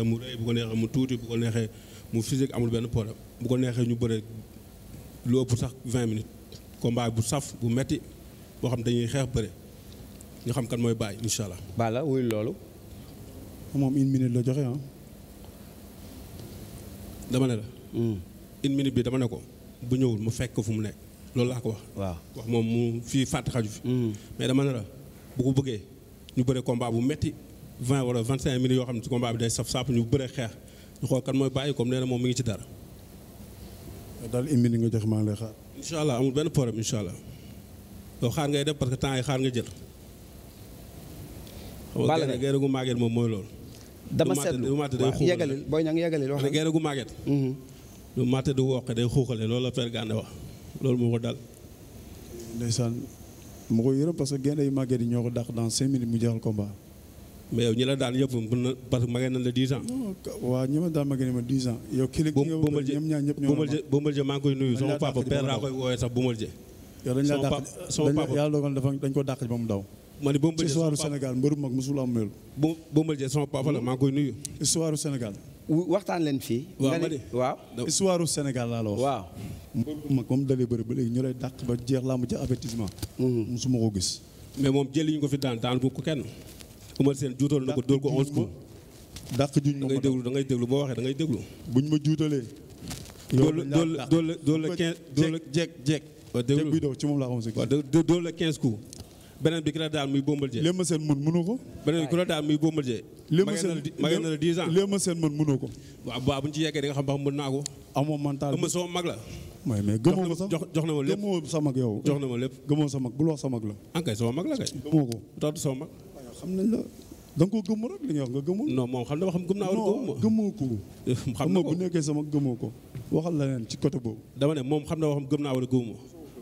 mu rëy bu ko neexee mu tuuti bu ko neexee mu physique amul benn problème bu ko neexee ñu bëre lu ëpp sax 20 minutes combat bu saf bu metti boo xam dañuy xeex bëre ñu xam kan mooy Baye incha allah. Balla wuy loolu. moom une minute la joxe ah. dama ne la. Hmm. une minute bi dama ne ko bu ñëwul mu fekk fu mu nekk loolu laa ko wax. waaw wax moom mu fii fàtt xaju hmm. mais dama ne la bu ko bëggee ñu bëre combat bu metti vingt wala vingt cinq minutes yoo xam ne ci combat bi day saf sàpp ñu bëre xeex ñu xool kan mooy bàyyi comme nee moom mi ngi ci dara. daal une minute nga jox maa allah amul benn problème incha allah yow xaar parce que temps yi xaar nga jël. Balla Gaye gerte gu màgget moom mooy loolu. dama seetlu lu màtt day booy ña nga wax gerte gu màgget. lu màtt du woqe day xuuxale loolu la wax loolu moo ko dal. ndeysaan mu ko yërëm parce yi ñoo ko dàq dans cinq minutes mu jeexal combat. mais yow ñi la daan yëpp mën na parce que magee nañ la 10 ans. waaw ñi ma daan magee ma 10 ans. yow kii ñoom ñaar ñëpp ñoo Bombardier maa ngi koy nuyu. sama papa père laa koy woowee sax mu daw. ma ni Bombardier ci mag mosul am mel. Bombardier sama papa ma de waaw. histoire Sénégal laa mag ñu lay dàq ba jeex laa mu ci avertissement. Mm-hmm. musuma ko gis. mais moom jëliñu ko fi daan daan ko kenn Umar Sène juutal na ko dóor ko onze ko dàq juñ da ngay déglu da ngay déglu da ngay déglu buñ ma juutalee dool la dool dool la quinze dool la jeeg jeeg waaw déglu buy daw ci moom laa xam si waaw dool la quinze coups beneen seen mën ko beneen bi ki la daal muy Bombardier magee na la ko waaw ba xam mën naa ko amoo mental ëmb sama mag la mais mais gëmoo ma sax jox na ma lépp gëmoo sa mag yow jox na ma lépp gëmoo sa mag bu wax sa mag mag la kay gëmoo ko tax sama mag am nañ la da nga koo gëmm rek li nga wax nga gëmul. non moom xam na ma xam gëm naa a gëmmoo ko. xam na ko bu nekkee boobu. dama ne moom xam na naa wala gëmuma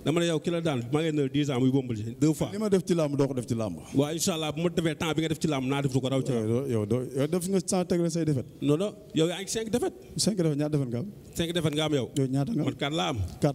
dama ne yow ki la daan maa ngi ne 10 ans muy Bombardier deux fois. li ma def ci làmb doo ko def ci làmb. waa incha allah bu ma defee temps bi nga def ci làmb naa def lu ko raw ci làmb. yow doo def nga sans tegre say défaite. non non yaa ngi 5 défaite. 5 défaite nga am. 5 défaite yow. ñaata nga am man laa am 4.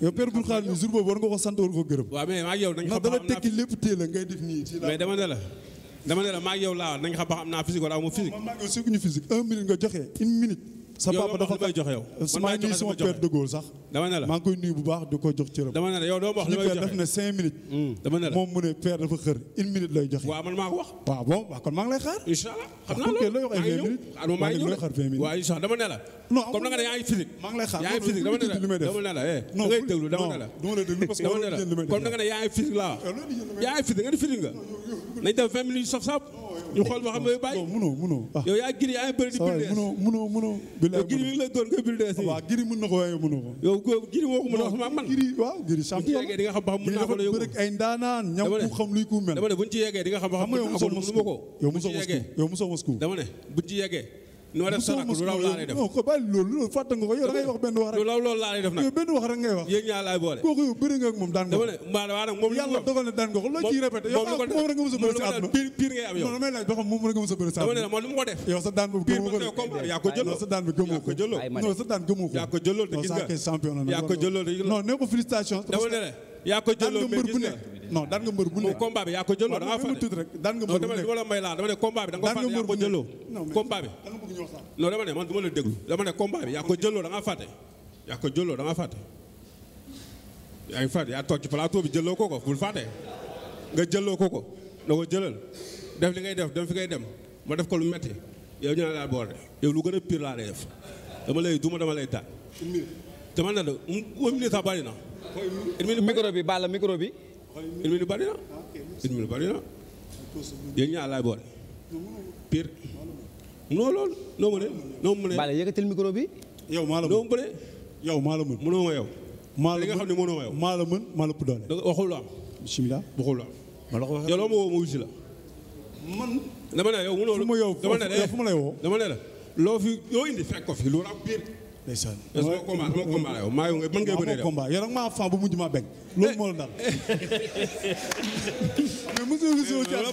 yow père bu xaal ni jour boobu war nga ko sant war ko gërëm. waaw mais maa yow nañ xam dama tekki lépp teel a ngay def nii. ci mais dama ne la dama yow laa nañ xam naa physique wala aw ma physique un minute nga joxe une minute. sa papa dafa koy joxe yow. man maa ngi sama père de sax. dama ne maa ngi koy nuyu bu baax di ko jox cëram. dama ne la yow na cinq minutes. Hmm. la moom mu ne père dafa xër une minute lay joxe. waaw man maa ko wax. waaw bon waaw kon maa xaar. incha allah xam naa loolu maa ngi ah, maa ne la. xaar loolu lu ñu tudd dama ne la dama nga ne yaa ngi laa. yaa ngi nga di physique nga. nañ def vingt minutes saf saf ñu xool ma xam nga bàyyi mënoo mënoo ah. yow giri yaa ngi di buldees mënoo mënoo giri mi ngi la doon nga buldees yi ah, giri mën na ko waaye a man giri waaw giri champion di nga xam ba xam mën naa ko la yow bëri ay ndaanaan ñam ku xam luy ku mel dama ne buñ ci yeggee di nga ma ko noo def sa rakk lu def non ko bàyyi loolu loolu fàtte def nag yow benn wax ngay wax kooku yow bëri moom daan nga ko yàlla dogal na daan nga ko loo ciy ah, a bëri si moom rek nga mos a bëri si àdduna moom lu mu ko sa daan boobu gëmoo ko yaa ko jëloo sa daan bi gëmoo sa daan gëmoo ko yaa ko jëloo te gis nga champion la yaa ko jëloo yaa ko jëloo mais gis nga non daan nga mbër bu ne yaa ko jëloo da nga ah, fa tuuti rek daan nga mbër bu ne dama la may laa dama ne combat bi da nga fàtte yaa jëloo combat bi non dama man du ma la déglu dama ne combat ko jëloo da nga fàtte yaa ko jëloo da nga fàtte yaa ngi fàtte yaa toog ci plateau bi jëloo ko ko bul fàtte nga jëloo ko ko da ko jëlal def li ngay def dem fi ngay dem ma def ko lu metti yow ñu ne laa boole yow lu gën a pire laa lay def dama lay duma dama lay daan te man na de un bari na micro bi baal la micro bi. une minute bari na une minute bari boole. pire non noo mënee noo mënee. baal yëkkatil micro bi. yow maa la noo mënee. yow maa la mën mënoo ma yow. maa la mën li nga xam ne mënoo ma maa la mën loo ma woo ma man dama ne yow mënoo. fu ma yow fu ma yow ndeysaan. mooy combat mooy combat yow maa yow mën ngay bëree yow maa fan bu mujj maa bañ loolu moo la mosul gis wu caal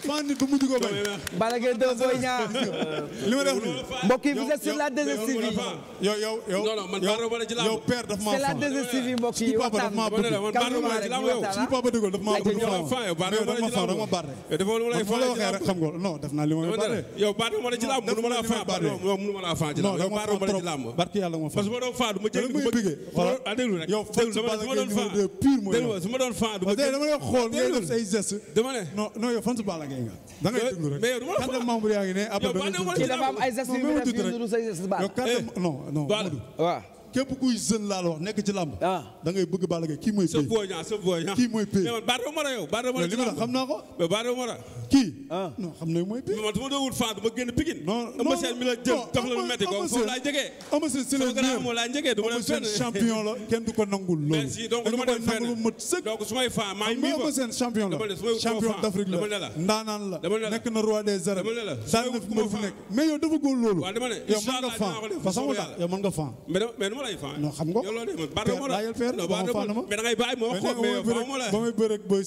fan du mujj ko bañ. Balla Gaye 2 Boy Niang. li ma def mbokk yi vous êtes sur la 2STV. yow yow yow yow père daf maa fa. c'est la 2STV mbokk yi waxtaan bi. suñu papa dëggoon daf maa bëgg a faaw dama baare. Eh, dafa la waxee rek xam nga non def naa li ma baare. yow baare ma la ci làmb mënu ma la faa baare yow mënu ma la faa ci làmb yow baare ma la ci làmb. barke yàlla ma faa parce que ma doon faa du ma jéggi ma bëgg. voilà déglu rek yow fan ci Balla Gaye numéro 2 pur mooy. déglu ma su ma doon faa du ma jéggi. dama lay xool ngay def say gestes gëstu. dama ne non non fan su Balla Gaye nga. da ngay dund rek mais yow du ngi ne après. yow dafa am ay gestes yu muy def yu dul képp kuy jeune laa la nekk ci làmb ah. da ngay bëgg Balla Gaye kii mooy sa kii mooy pay man Bada Mara yow Bada Mara li kii ah. non xam na mooy pay man dama doon wut fan dama génn Pikine non non mi la jël tax la lu metti seen champion la champion d'Afrique la ndaanaan la nekk na roi des arènes daan na fu nekk mais yow dafa góor loolu yow mën nga fan façon yow mën nga fan non xam nga. bàyyil feer non baax na ma mais da ngay bàyyi ma wax ko wax ko mais bu may bëgg ba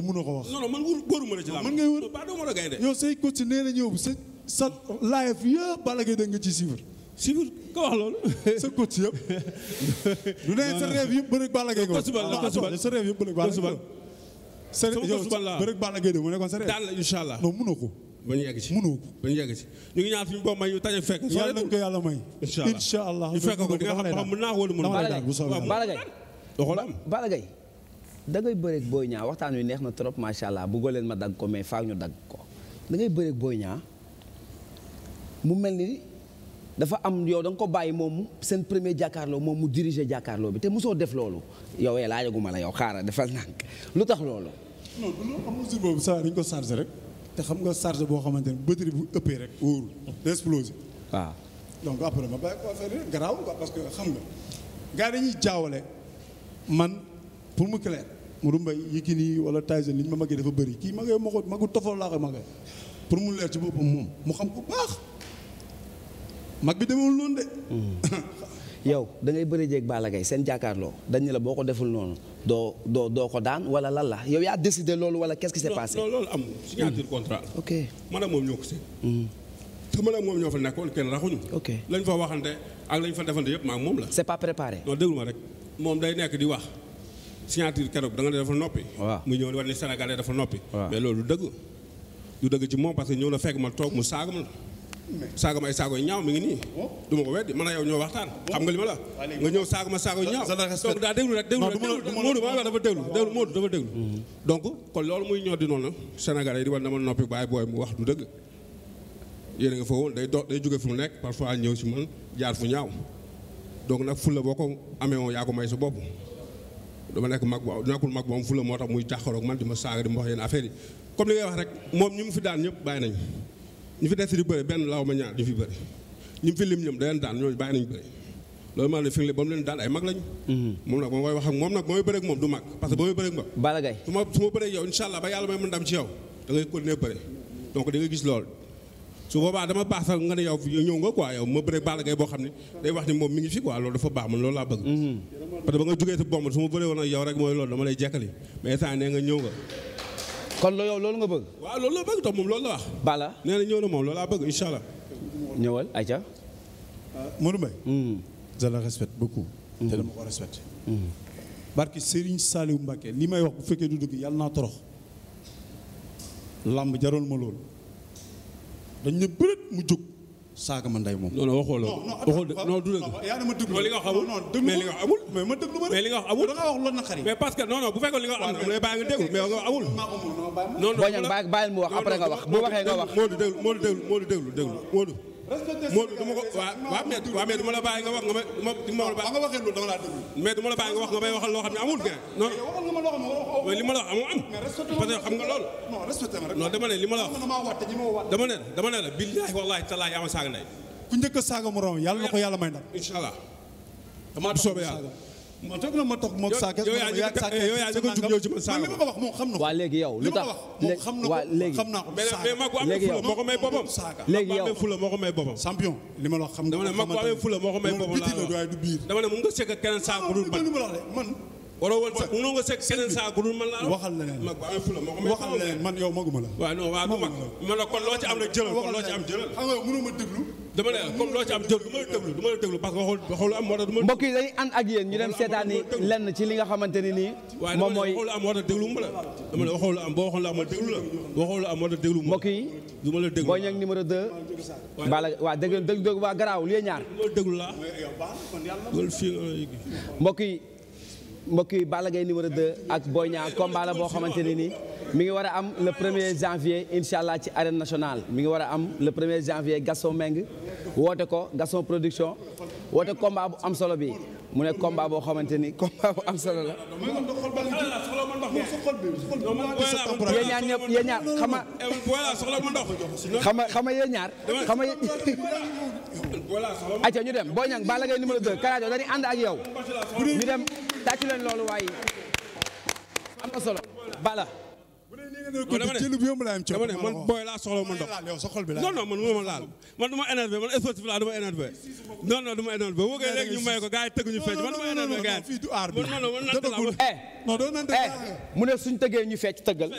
mënoo ko wax. man ngay wër baaduma say coach nee na sa sa live yëpp Balla Gaye da nga ci suivre. suivre ko wax loolu. sa coach yëpp. du ne sa rêve yëpp bëri Balla Gaye ko. sa rêve yëpp sama kër la bëri mu nekkoon sérieux daal la incha allah non mënoo ko ba ñu yegg ci ko ba ñu yegg ci ñu ngi ñaan suñu bopp may ñu taje fekk yàlla may incha allah fekk ko di nga xam xam mën naa wóolu mën Balla Gaye doxal da ngay bëreeg Boy Niang waxtaan wi neex na trop macha allah bëggoo leen ma dagg ko mais faag ñu dagg ko da ngay bëreeg Boy Niang mu mel ni dafa am yow danga ko bàyyi moom seen premier jàkkaarloo moom mu diriger jàkkaarloo bi te mosoo def loolu yow ee eh, laajaguma la yow xaaral defal nànk lu tax loolu non du loolu boobu saa dañ ko chargé rek te xam nga chargé boo xamante ne batterie bu ëppee rek wóorul day ah. donc après ma bàyyi garaaw parce que xam nga gars dañuy jaawale man pour mu clair mu du mbay Yékini wala Tyson li ñu ma magee dafa bëri kii ma ko magu tofal laa ko magee pour mu leer ci boppam moom mu xam ko baax mag bi demewul noonu de hmm. yow da ngay bëri jeeg Balla Gaye seen jàkkaarloo dañ ne la boo ko deful noonu doo doo doo ko daan wala lan la yow yaa décidé loolu wala qu'est-ce qui s'est passé. non loolu am signature contrat la. ok man ak moom ñoo ko seet. Hmm. te man ak moom ñoo fa nekkoon kenn raxuñu. ok lañ fa waxante ak lañ fa defante yëpp maa moom la. c'est pas préparé. non déglu rek moom day nekk di wax signature keroog da nga ne dafa noppi. waaw mu ñëw di wax ne Sénégalais dafa noppi. mais loolu du dëgg. du ci moom parce que ñëw na fekk ma toog mu saagam saaga ma ay saago yu ñaaw mi ngi nii du ma ko weddi man a yow ñoo waxtaan xam nga li ma la nga ñëw saaga ma saago yu ñaaw donc daa déglu rek déglu rek Modou dafa déglu déglu Modou dafa déglu mm-hmm. donc kon loolu muy ñoo di noonu Sénégalais di war na ma noppi bàyyi booy mu wax du dëgg yéen a day dox day jóge fu mu nekk parfois ñëw si man jaar fu ñaaw donc nag fulla boo ko amee woon yaa ko may sa bopp dama nekk mag bu nekkul mag bu am fulla moo tax muy taxaroog man di ma saaga di ma wax yenn affaire yi comme li ngay wax rek moom ñi mu fi daan ñëpp bàyyi nañ ñu fi des di bëri benn laaw ma ñaar ñu fi bëri ñu fi lim ñoom da leen daan ñooñu bàyyi nañu bëri loolu maa ne fi ba mu leen daan ay mag lañu. Mhm. moom nag moom que ba may bëreeg moom. Balla Gaye su ma su ma dama baax nga ne yow ñëw nga quoi yow ma bëreeg Balla boo xam ne day wax ni moom mi ngi fi quoi loolu dafa baax man loolu laa bëgg. Mhm. parce ba nga jógee sa bomb su ma bëree woon ak rek mooy loolu dama lay jekkali mais instant nee nga ñëw nga kon yow loolu nga bëgg. waaw loolu la bëgg te moom loolu la wax. bala nee na ñëw na moom loolu laa bëgg incha allah. ñëwal Aïcha. Euh, Modou Mbaye. Hmm. je la respecte beaucoup. Hmm. te dama ko respecté. Hmm. barki Serigne Saliou Mbacké li may wax bu fekkee du dëgg yàlla naa torox. làmb jaroon ma loolu. dañ ne bëreet mu jóg. saaga ma ndey moom. non non waxoo loolu. non du dëgg. yaa ma déglu li nga xamul mais li nga amul. mais ma déglu ma mais li nga amul. da nga wax loolu naqari. mais parce que non non bu fekkoon li nga amul mais bàyyi nga déglu mais nga amul. non non bàyyi mu wax après nga wax bu waxee nga wax. Modou déglu Modou déglu Modou déglu déglu Modou. Modou du ma ko waaw waaw mais waaw mais du ma la bàyyi nga wax nga may ma du ma la bàyyi. nga waxee loolu dama laa déglu. mais du ma la bàyyi nga wax nga may waxal loo xam ne amul. non waxal nga ma loo xam ne mais li ma la wax amoo am. parce que xam nga loolu. non respecté ma rek. non dama ne li ma la wax dama ne dama ne la billaahi wallaahi tallaahi yaa ma saaga ndey. ku njëkk a saaga moroom yàlla na ko yàlla may ndam. incha allah. damaa soobee yàlla. moo toog na ma toog moog saakes yow yaa ñu ko jug ñëw ci man saa ko wax moom xam na ko waaw léegi yow lu tax xam na ko xam naa ko mais mag bu amee fula moo ko may boppam léegi yow la xam ne mag amee fula moo ko may boppam laa la wax dama ne mun nga sekk keneen saa ko dul man waroo woon sax mënoo nga man laa waxal leneen waxal leneen man yow maguma la waaw non kon loo am rek jëlal kon loo ci am dama ne comme loo ci am jël du ma la déglu du ma la déglu moo ma mbokk yi dañuy ànd ak yéen ñu dem seetaani lenn ci li nga xamante ni nii moom mooy waxul am moo tax déglu ma la dama ne waxul am boo waxul am ma déglu la moo tax mbokk yi du ma la déglu booy ñang numéro 2 bala waa dégg dégg waa garaaw li ñaar déglu la mbokk yi mbokk yi Balla Gaye numéro 2 ak Boy Niang combat la boo xamante ne nii mi ngi war a am le premier janvier incha allah ci arène nationale mi ngi war am le premier janvier Gaston Meng woote ko Gaston production woote combat bu am solo bi mu ne combat boo xamante ni combat bu am solo la. yéen ñaar ñëpp yéen ñaar xama. xama xama yéen ñaar xama. ayca ñu dem Boy Niang Balla Gaye numéro 2 Karajo dañuy ànd ak yow. ñu dem tàcc leen loolu waaye am na solo Balla. non dama ne dama ne man booy laa soxla ma ndox. non non man mënuma laal man du ma énervé man sportif laa du ma énervé. non non du ma énervé boo koy léegi ñu may ko gars tëgg ñu fecc man du ma énervé gars yi. non non tëggee ñu fecc tëggal.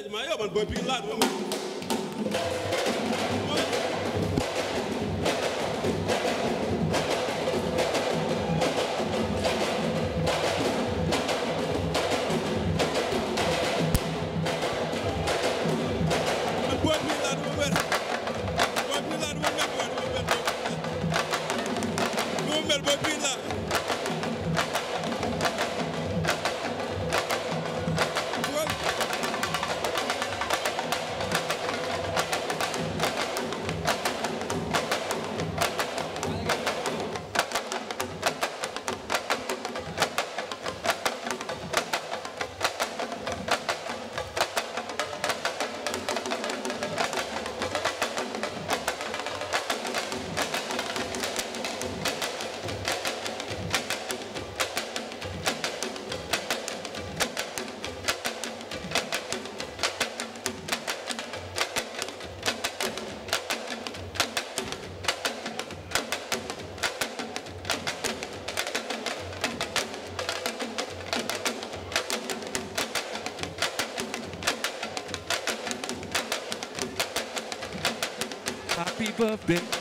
loved it.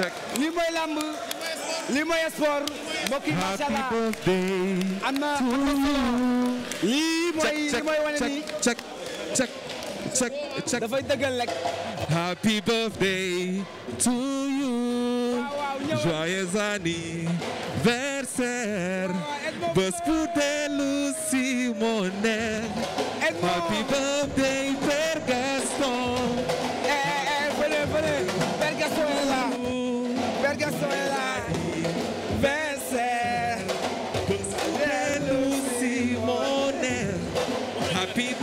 Seck. lii mooy làmb lii mooy sport mbokk yi macha allah am na am na solo lii mooy li mooy wane nii Seck Seck Seck Seck Gaston est là Vincent Lucy Monet Happy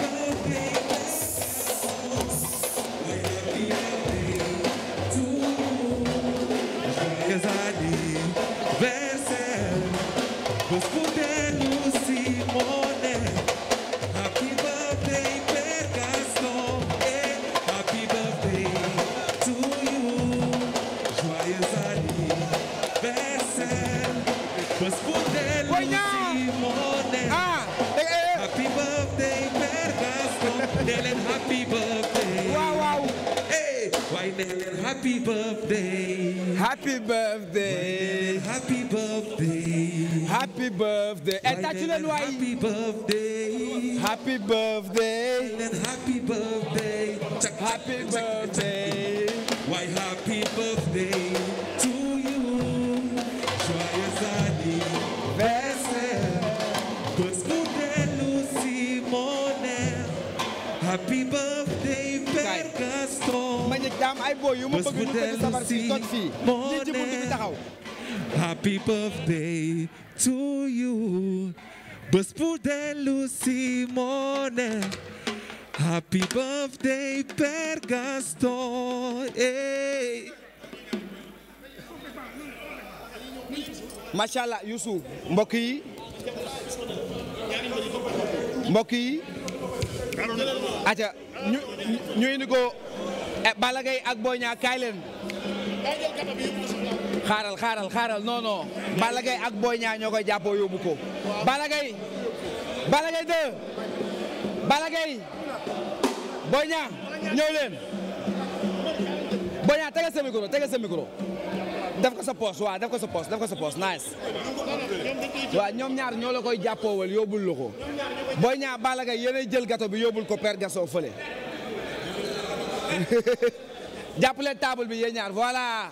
tàccu leen waay happy birthday happy birthday happy birthday happy birthday why happy birthday to you joyeux anniversaire Gospudelu Simonel happy birthday Père Gaston ma njëkk daam boy yu ma bëgg ñu fekk sabar si toog fii ñi ci buntu bi taxaw happy birthday was Budelu Simone. Happy birthday, Bergaston. Hey. Eh. macha allah Youssou mbokk yi mbokk ñu ñu indi ko eh, Balla ak Boy Niang xaaral xaaral xaaral non non Balla Gaye ak Boy Niang ñoo koy jàppoo yóbbu ko Balla Gaye Balla Gaye 2 Balla Gaye Boy Niang leen Boy Niang tegal sa micro tegal def ko sa poos waaw def ko nice waaw ñoom ñaar ñoo la koy jàppoowal yóbbul la ko Boy Niang Balla Gaye yéenay jël gato bi yóbbul ko Père Gasson fële jàpp leen table bi yéen ñaar voilà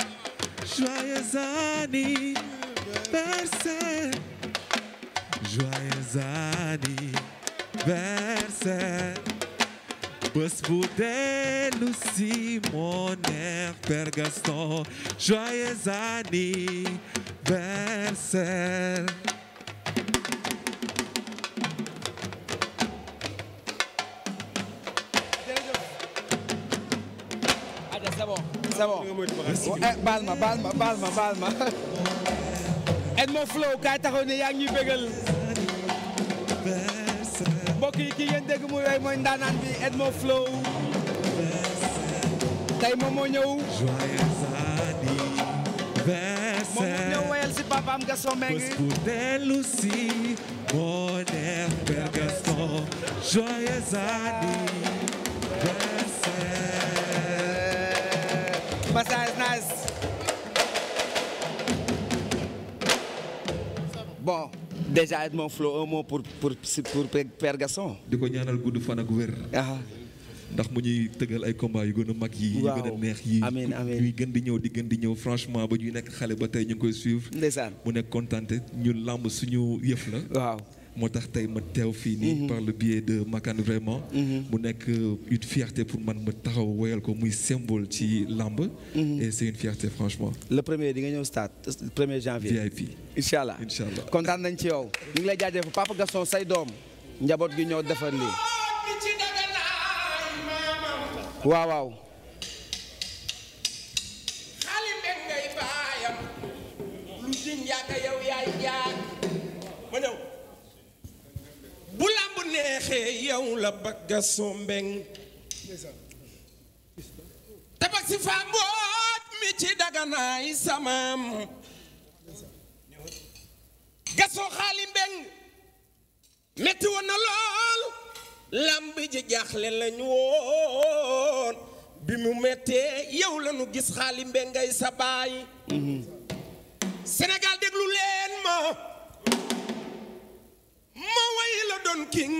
Joyeux anniversaire. Joyeux anniversaire. Bés bu dellu si mon cher Eh, baal ma baal ma baal ma baal ma Flow kaay taxaw ne ngi ñuy bégal yi kii ngeen dégg muy way mooy ndaanaan bi Edmo Flow tey moom moo ñëw moom moo ñëw wayal si papaam Gaston Mbengue joyeux anniversaire bon déjà mon flow un mot pour pour pour Père di ko ñaanal gudd fan ak wér. Ah. ndax mu ñuy tëggal ay combat yu gën a mag yi. waaw yu gën neex yi ñuy gën di ñëw di gën di ñëw franchement ba ñuy nekk xale ba tey ñu ngi koy suivre. ndeysaan mu nekk kontaan ñun làmb suñu yëf la. waaw. moo tax tey ma teew fii nii mhm. par le biais de Makane vraiment mhm. mu nekk euh, une fierté pour man ma taxaw woyal ko muy symbole ci lamb mhm. et c'est une fierté franchement le premier di nga ñëw stade premier janvier VIP incha allah incha allah kontaan nañ ci yow ñu ngi lay jaajëf Papa Gaston say doom njaboot gi ñëw defar lii waaw waaw xaalim ngay baayam lu din yaaka yow yaay jaag bu neexee yow la si faa mboot mi ci daganaay samaam gasoo xaali mbeng metti woon na lool làmb ji jaaxle lañu woon bi mu mettee yow lañu gis xaali mbengay sa baay mm-hmm. Sénégal déglu leen ma ma way la doon king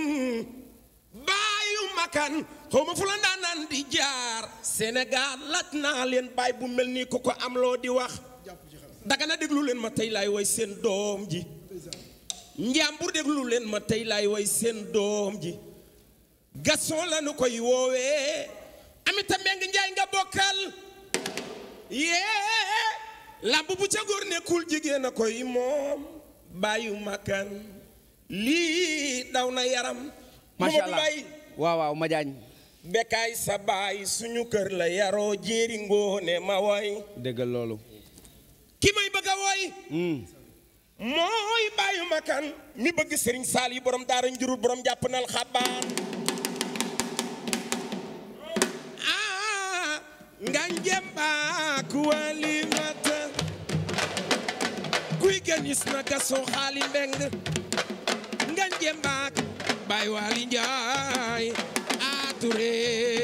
baayu makan xaw fu la ndaa di jaar Sénégal laaj naa leen baay bu mel nii ku ko am loo di wax daga na déglu leen ma tey laay way seen doom ji njàmbur déglu leen ma tey laay way seen doom ji Gaston la nu koy woowee Aminata Mbengue Ndiaye nga bokkal yee lamb bu ca góor nekkul jigéen a koy moom bàyyu makkan lii daw na yaram. macha allah waaw waaw ma bekkaay sa baay suñu kër la yaroo jéeri ngóone ma woy. déggal loolu. ki may bëgg a woy. Hmm. mooy bàyyu kan mi bëgg sëriñ saal yi borom daara njurul borom jàpp nal xabaan. ah nga njëmbaak wali mat kuy gën na gaso xaali mbeng. jembaak bay waali njaay a Touré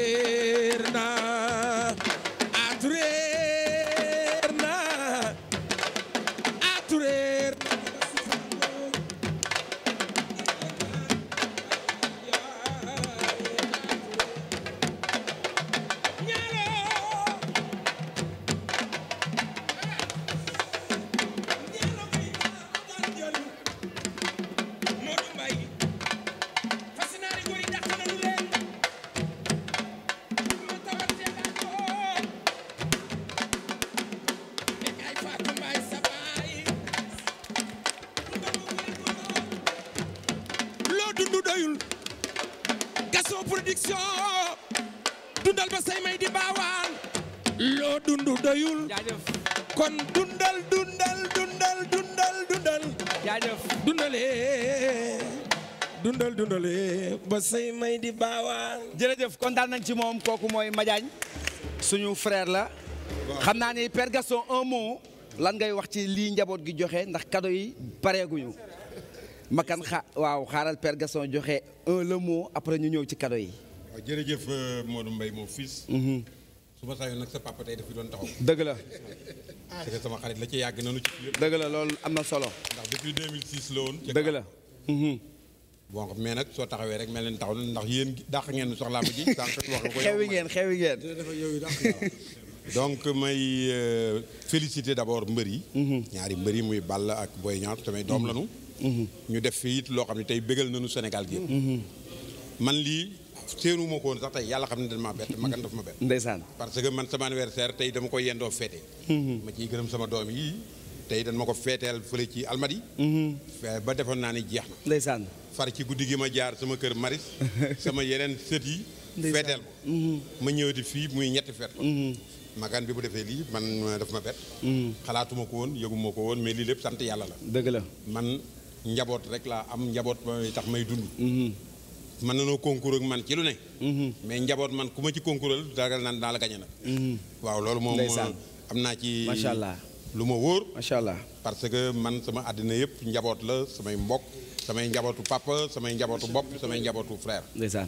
dundale ba say may di baawaan. jërëjëf kontaan nañ ci moom kooku mooy Madiagne suñu frère la. xam naa ni Père un mot lan ngay wax ci lii njaboot gi joxe ndax cadeau yi pareeguñu makan xa waaw xaaral Père joxe un le mot après ñu ñëw ci cadeau yi. jërëjëf euh, Modou Mbaye mon fils. Mhm. su ma saa yoon nag sa papa tey dafa doon taxaw. dëgg la. parce ah. sama xarit la ci yàgg nañu ci. dëgg la am na solo. ndax dëgg la. bon mais nag soo taxawee rek mel leen taxaw ndax yéen dàq ngeen soxla làmb ji sànq wax nga ko xewi ngeen xewi ngeen donc may euh, féliciter d'abord mbër yi ñaari mbër yi muy Balla ak Boy Niang samay doom lanu ñu def fi it loo xam ne tey bégal nañu Sénégal gi man lii séenu ma ko woon sax tey yàlla xam ne dañ maa bett magan daf ma bett ndeysaan parce que man sama anniversaire tey dama koy yendoo fête hmm. ma ciy gërëm sama doom yi tey dañ ma ko feeteel fële ci almadi mhm. ba defoon naa ni jeex na ndeysaan far ci guddi gi ma jaar sama kër maris sama yeneen sët yi feeteel ko mhm. ma ñëwati fii muy ñetti feet mhm. magan bi bu defee lii man euh, daf ma bett xalaatuma ko woon yëguma ko woon mais lii lépp sant yàlla la dëgg la man njaboot rek laa am njaboot may tax may dund mën na noo concours man ci lu ne mais njaboot man ku ma ci concoural dagal naan naa la gañe nag waaw loolu moom euh, am naa ci macha allah lu ma wóor macha allah parce que man sama àddina yëpp njaboot la samay mbokk samay njabootu papa samay njabootu bopp samay njabootu frère ndeysaan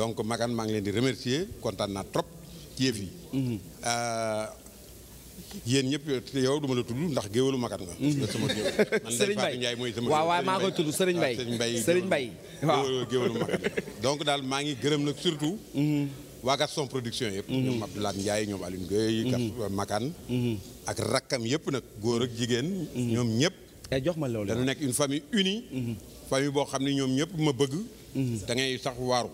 donc magan maa ngi leen di remercier kontaan naa trop ci yëf yi mhm. euh, yéen yow du ma la tudd ndax géewalu Magane nga. Mhm. Serigne Mbaye man waaw waaw maa ngi tudd ah, Serigne Mbaye Serigne Mbaye donc daal maa ngi gërëm nag surtout. Mhm. waa Gaston production yëpp. Mhm. ñoom Abdoulaye Ndiaye ñoom Alioune Gueye. Mhm. Gaston euh, Makan. Mhm. ak rakkam yëpp nag góor ak jigéen. ñoom ñëpp. Eh, jox ma loolu dañu nekk une famille unie. famille boo xam ne ñoom ñëpp ma bëgg. da ngay sax waaru.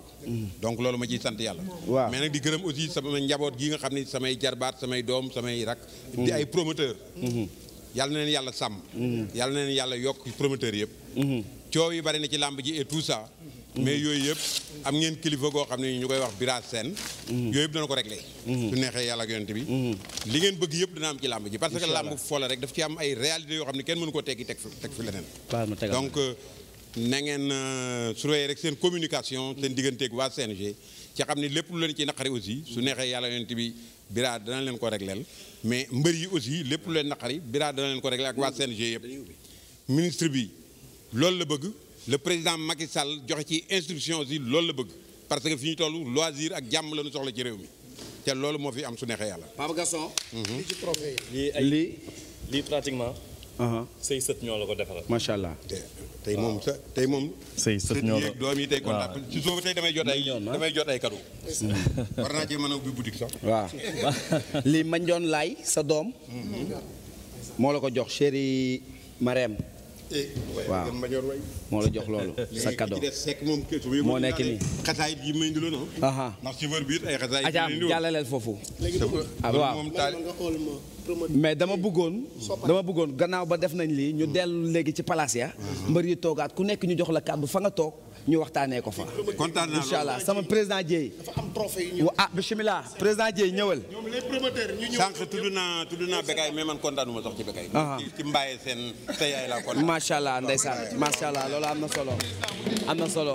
donc loolu ma ciy sant yàlla. waaw mais nag di gërëm aussi sama njaboot gii nga xam ni samay jarbaat samay doom samay rak. di ay promoteur yàlla na yàlla sàmm. yàlla na yàlla yokk promoteur yëpp. coow yi na ci làmb ji et tout mais yooyu yëpp am ngeen kilifa goo xam ne ñu koy wax biraas seen mm-hmm. yooyu yëpp dana ko réglé mm-hmm. su neexee yàlla ak yonent bi mm-hmm. li ngeen bëgg yëpp dana am ci làmb ji parce que làmb foola rek daf ci am ay réalité yoo xam ne kenn mënu ko teggi teg teg fi leneen donc euh, na ngeen euh, rek seen communication seen digganteeg waa CNG ci xam ni lépp lu leen ci naqari aussi su neexee yàlla yonent bi biraa dana leen ko régleel mais mbër yi aussi lépp lu leen naqari biraa dana leen ko régleel ak waa CNG yëpp ministre bi loolu la bëgg le président Macky Sall joxe ci instruction aussi loolu la bëgg parce que fi ñu toll loisir ak jàmm la ñu soxla ci réew mi te loolu moo fi am su neexee yàlla. Papa Gaston. Mhm. lii lii lii pratiquement. Uh-huh. say sët ñoo la ko defaral. macha allah. tey moom sa tey moom. say sët ñoo la yi tey kontaan ci suuf tey damay jot ay ah. damay jot ay cadeau. Mm-hmm. war naa cee mën a ubbi boutique sax. waaw lii ma doon laay sa doom. Mhm. moo la ko jox chéri Marème. Eh, waaw moo la jox loolu sa cadeau moo nekk nii. xataay yi may indiloon ah. ndax ci wër biir jàllaleel foofu. Ah, waaw mais dama buggoon dama buggoon gannaaw ba def nañ lii ñu dellu léegi ci palaas ya mbër yi toogaat ku nekk ñu jox la kàddu fa nga toog. ñu waxtaanee ko fa. kontaan naa allah sama président Dieye. dafa am trophée yi ah bisimilah président Dieye ñëwal. ñoom les sànq tudd naa tudd naa Bécaye mais man kontaanu ma sax ci Bécaye. Ah, ah. ci ci Mbaye seen sa macha allah ndeysaan macha allah loolu am na solo am na solo.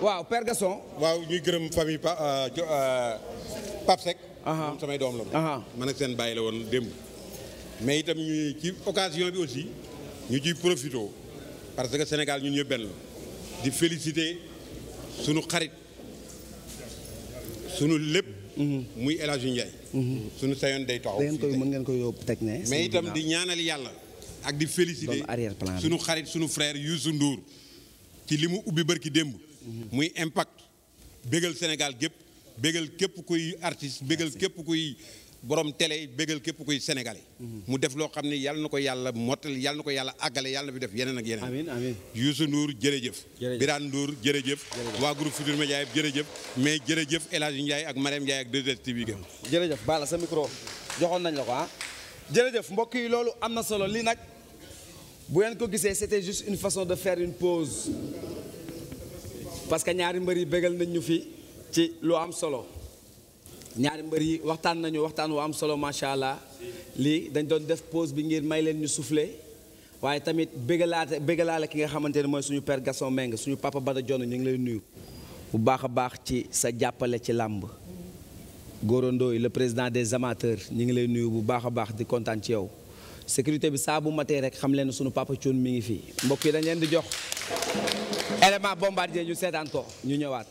waaw Père Gaston. waaw ñuy gërëm famille Pa euh, euh, Pape Seck. moom samay doom la moom. man ak seen bàyyi la woon démb. mais itam ñuy ci occasion bi aussi ñu ciy profité parce que Sénégal ñun ñëpp benn la di féliciter sunu xarit sunu lépp. Mhm. muy El Hadj Ndiaye. Mhm. sunu sayoon day taxaw. da mën ngeen koy yóbbu teg ne. mais itam di ñaanal yàlla. ak di féliciter sunu xarit sunu frère Youssou Ndour. ci li mu ubbi barki démb. muy impact bégal Sénégal gépp bégal képp kuy artiste bégal képp kuy borom télé bégal képp kuy sénégalais. Mhm. mu def loo xam ne yàlla na ko yàlla mottal yàlla na ko yàlla àggale yàlla na fi def yeneen ak yeneen. amiin amiin Youssou Ndour jërëjëf. jërëjëf Birane Ndour waa groupe Futurs Médias yëpp jërëjëf. mais jërëjëf El Hadj Ndiaye ak Marème Ndiaye ak 2STV gëm. jërëjëf Bala sa micro joxoon nañ la ko ah. jërëjëf mbokk yi loolu am na solo lii nag bu ngeen ko gisee c'était juste une façon de faire une pause parce que ñaari mbër yi béggal nañ ñu fi ci lu am solo ñaari mbër yi waxtaan nañu waxtaan wu am solo macha allah lii dañ doon def pose bi ngir may leen ñu soufflé waaye tamit bégalaate bégalaale ki nga xamante ne mooy suñu père Gaston Mbengue suñu papa Bada Dione ñu ngi lay nuyu bu baax a baax ci sa jàppale ci làmb góorandooy le président des amateurs ñu ngi lay nuyu bu baax a baax di kontaan ci yow sécurité bi saa bu matee rek xam leen suñu papa Thion mi ngi fi mbokk yi dañ leen di jox élément bombardier ñu seetaan ko ñu ñëwaat.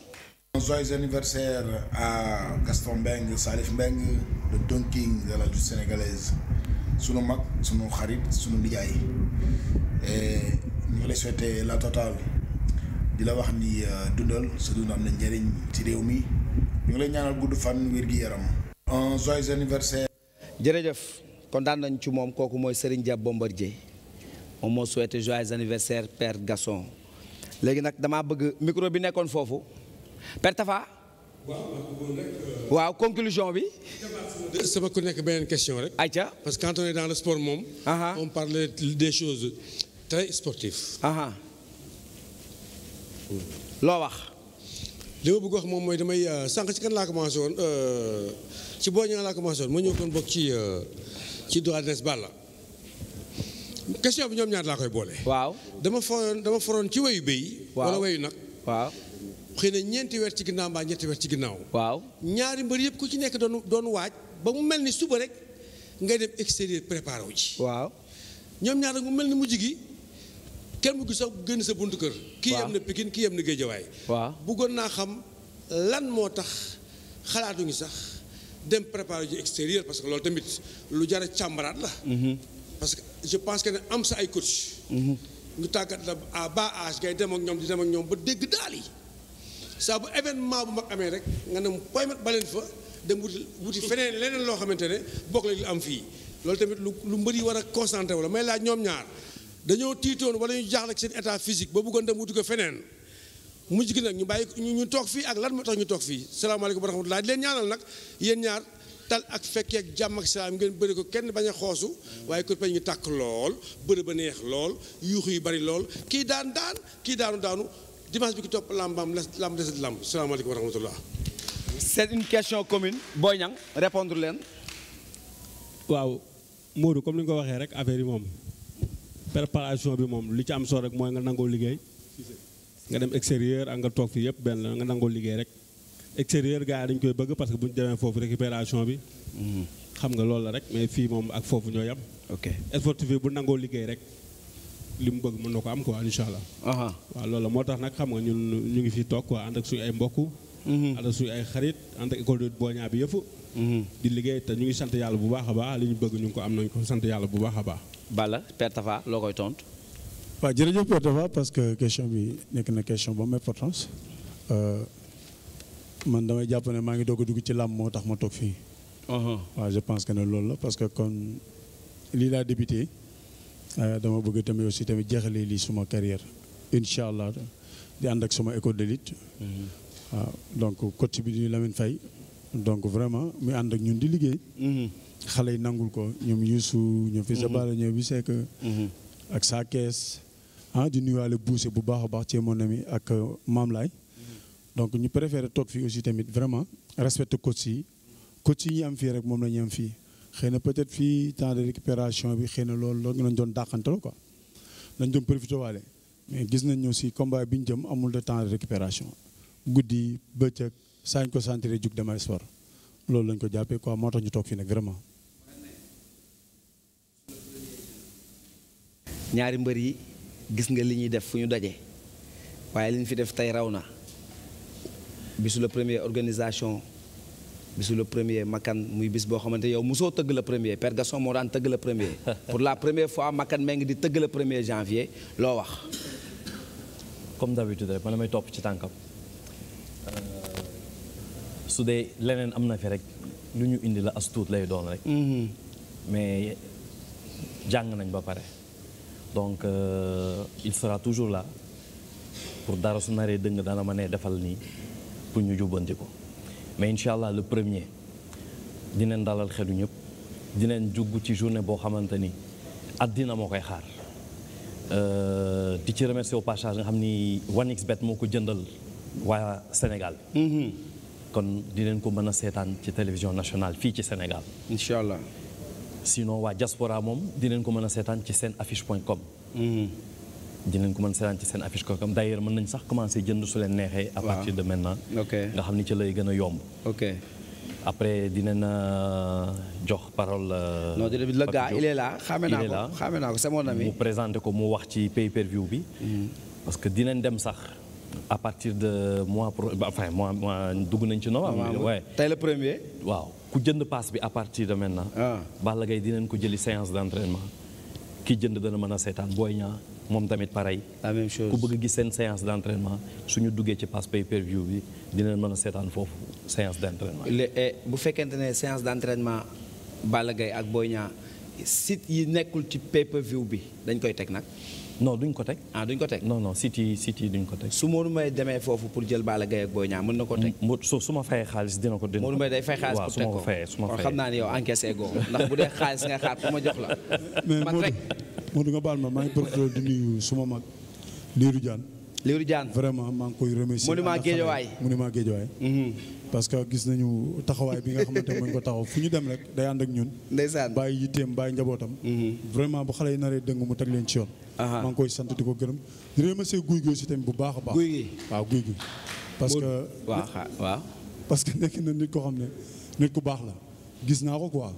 joyeux anniversaire à Gaston Mbengue Salif Mbengue le Don King de la lutte sénégalaise sunu mag sunu xarit sunu nijaay ñu ngi lay souhaiter la totale di la wax ni euh, dundal sa dund am na njëriñ ci réew mi ñoo ngi lay ñaanal gudd fan wér gi yaram. un joyeux anniversaire. jërëjëf kontaan nañ ci moom kooku mooy Serigne Dia Bombardier moom moo souhaité joyeux anniversaire Père Gaston. léegi nag damaa bëgg micro bi nekkoon foofu Père Tafa. waaw conclusion bi. sama ku nekk beneen question rek. ayca parce que quand dans le sport moom. on parle des choses très sportives. loo wax. li ma bëgg wax moom mooy damay euh, sanq ci kan laa commencé woon euh, ci booñaa laa commencé woon ma ñëw kon bokk ci euh, ci Douarnès Balla. question bi ñoom ñaar laa koy boole. waaw dama foroon dama foroon ci wayu béy. waaw wala wayu nag. waaw xëy na ñeenti weer ci ginnaaw mbaa ñetti weer ci ginnaaw. waaw ñaari mbër yëpp ku ci nekk doon doon waaj ba mu mel ni suba rek ngay dem extérieur préparé wu ji. waaw ñoom ñaar nag mu mel ni mujj gi kenn mu gis sax gën sa buntu kër. waaw kii yem na pikin kii yem na Géejawaay. waaw bëggoon naa xam lan moo tax xalaatuñu sax dem préparé ji extérieur parce que loolu tamit lu jar a càmbaraat la. Mhm. parce que je pense que ne am sa ay coach mhm. ñu tàggat la à bas âge dem ak ñoom di dem ak ñoom ba dégg daal yi saa bu événement bu mag amee rek nga ne poy mat baleen fa dem wuti wuti feneen leneen loo xamante ne bokk la li am fii loolu tamit lu lu mbëri war a concentré wala may laaj ñoom ñaar dañoo tiitoon wala ñu jaaxle seen état physique ba bëggoon dem wuti ko feneen mujj gi nag ñu bàyyi ñu toog fii ak lan moo tax ñu toog fii salaamaaleykum wa rahmatulah di leen ñaanal nag yéen ñaar tal ak fekkee ak jàmm ak salaam ngeen bëri ko kenn bañ a xoosu waaye kurpeñ ngi tàkk lool bëri ba neex lool yuuxu yi bari lool kii daan daan kii daanu daanu dimanche bi ki topp làmbaam les làmb des làmb salaamaaleykum wa rahmatullah c'est une question commune Boy Niang répondre leen waaw Modou comme ni nga ko waxee rek affaire yi moom préparation bi moom li ci am solo rek mooy nga nangoo liggéey nga dem extérieur ak nga toog fi yëpp benn nga nangoo liggéey rek extérieur gars yi dañ koy bëgg parce que bu ñu demee foofu récupération bi. Hmm. xam nga loolu la rek mais fii moom ak foofu ñoo yam. ok sportif bu nangoo liggéey rek li mu bëgg mun na ko am quoi incha allah. waaw loolu la moo tax nag xam nga ñun ñu ngi fi toog quoi ànd ak suñu ay mbokk. Hmm. ànd ak suñu ay xarit ànd ak école de Boña bi yëpp. Hmm. di liggéey te ñu ngi sant yàlla bu baax a baax li ñu bëgg ñu ngi ko am nañ ko sant yàlla bu baax a baax. Balla Père Tafa loo koy tontu. waaw jërëjëf Père Tafa que question bi nekk na question bu am importance. Euh, man damay jàpp ne maa ngi doog a dugg ci làmb moo tax ma toog fii. Uh-huh. waaw je pense que ne loolu la parce que kon lii laa débuté euh, dama bëgg tamit aussi tamit jeexalee lii suma carrière incha allah di ànd ak suma école de lutte. Uh-huh. waaw donc coach bi di Lamine Faye donc vraiment muy ànd ak ñun di liggéey. Uh-huh. xale yi nangul ko ñoom Youssou ñoom Fisa Balla ñoom bi Seck. ak saa kees ah di buuse bu baax a baax ci mon ami ak euh, Maam Laay donc ñu préféré toog fii aussi tamit vraiment respecté coach si coach yi ñu am fii rek moom la ñu am fii xëy na peut-être fii temps de récupération bi xëy na loolu loolu lañ doon dàqantal ko nañ doon profité waale mais gis nañ aussi combat bi ñu jëm amul de temps de récupération guddi bëccëg saañ ko centré jug damay sport loolu lañ ko jàppee ko moo tax ñu toog fii nag vraiment. ñaari mbër yi gis nga li ñuy def fu ñu dajee waaye li fi def tey raw na. bisu le premier organisation bisu le premier Makan muy bis boo xamante yow mosoo tëgg le premier Père Gaston moo daan tëgg le premier pour la première fois Makan mee ngi di tëgg le premier loo wax. comme d'habitude rek man damay topp ci tànkam euh, su dee leneen am na fi rek lu ñu indi la as lay doon rek. Mm-hmm. mais jàng nañ ba pare. donc euh, il sera toujours la pour dara su naree dëng dana ma ne defal nii. pour ñu jubbanti ko mais incha allah le premier dinañ dalal xelu ñëpp dinañ jugg ci journée boo xamante ni àddina moo koy xaar euh, di ci remercier au passage nga xam ni 1xBet moo ko jëndal waa Sénégal. Mhm. kon dinañ ko mën a seetaan ci télévision nationale fii ci Sénégal. incha allah sinon waa diaspora moom dinañ ko mën a seetaan ci seen affiche point dinañ ko mën seetaan ci seen affiche Kookam d'ailleurs mën nañ sax commencer jënd su leen neexee. à partir de maintenant. nga xam ni ci lay gën a yomb. ok après dinañ euh, jox parole. Euh, non déedéet le gars il est là xame naa ko xame naa ko c'est mon ami présenté ko mu wax ci pay-per-view mm-hmm. parce que dinañ dem sax. à partir de mois pro enfin mois mois dugg nañ ci novembre. waaw tey le waaw ku jënd pass bi à partir de maintenant. Ah. Balla Gaye dinañ ko jëli séance d'entraînement. ki jënd dana mën a seetaan booy Niang moom tamit pareil. la même chose ku bëgg gis seen séance d' entraînement su ñu duggee ci pass pay bi dina mën a seetaan foofu séance d' entraînement. Eh, bu fekkente ne séance d' entraînement Balla ak Boy Niang site yi nekkul ci pay bi dañ koy teg nag. no duñ ko teg. ah duñ ko teg non non City City duñ ko teg. su Modou Mbaye demee foofu pour jël Balla Gaye ak Boy Niang mën na ko teg. su su ma fayee xaalis dina ko dina ko Modou Mbaye day fay xaalis pour teg ko waaw su ma ko fayee kon xam naa ne yow encaissé go ndax bu dee xaalis nga xaar ku ma jox la. man rek mais nga baal ma maa ngi profité di nuyu suma mag Lirou Diane. Lirou Diane vraiment maa ngi koy remercier. monument Guédiawaye monument Guédiawaye mhm. parce que gis nañu taxawaay bi nga xamante ne ko taxaw fu ñu dem rek day ànd ak ñun. ndeysaan bàyyi yitteem baay njabootam. Mm-hmm. vraiment bu xale yi naree dëng mu teg leen ci yoon. maa ngi koy sant di ko gërëm di remercier guy gi aussi bu baax a baax. guy gi guy gi. parce que waaw waaw. parce que nekk na nit koo xam ne nit ku baax la gis naa ko quoi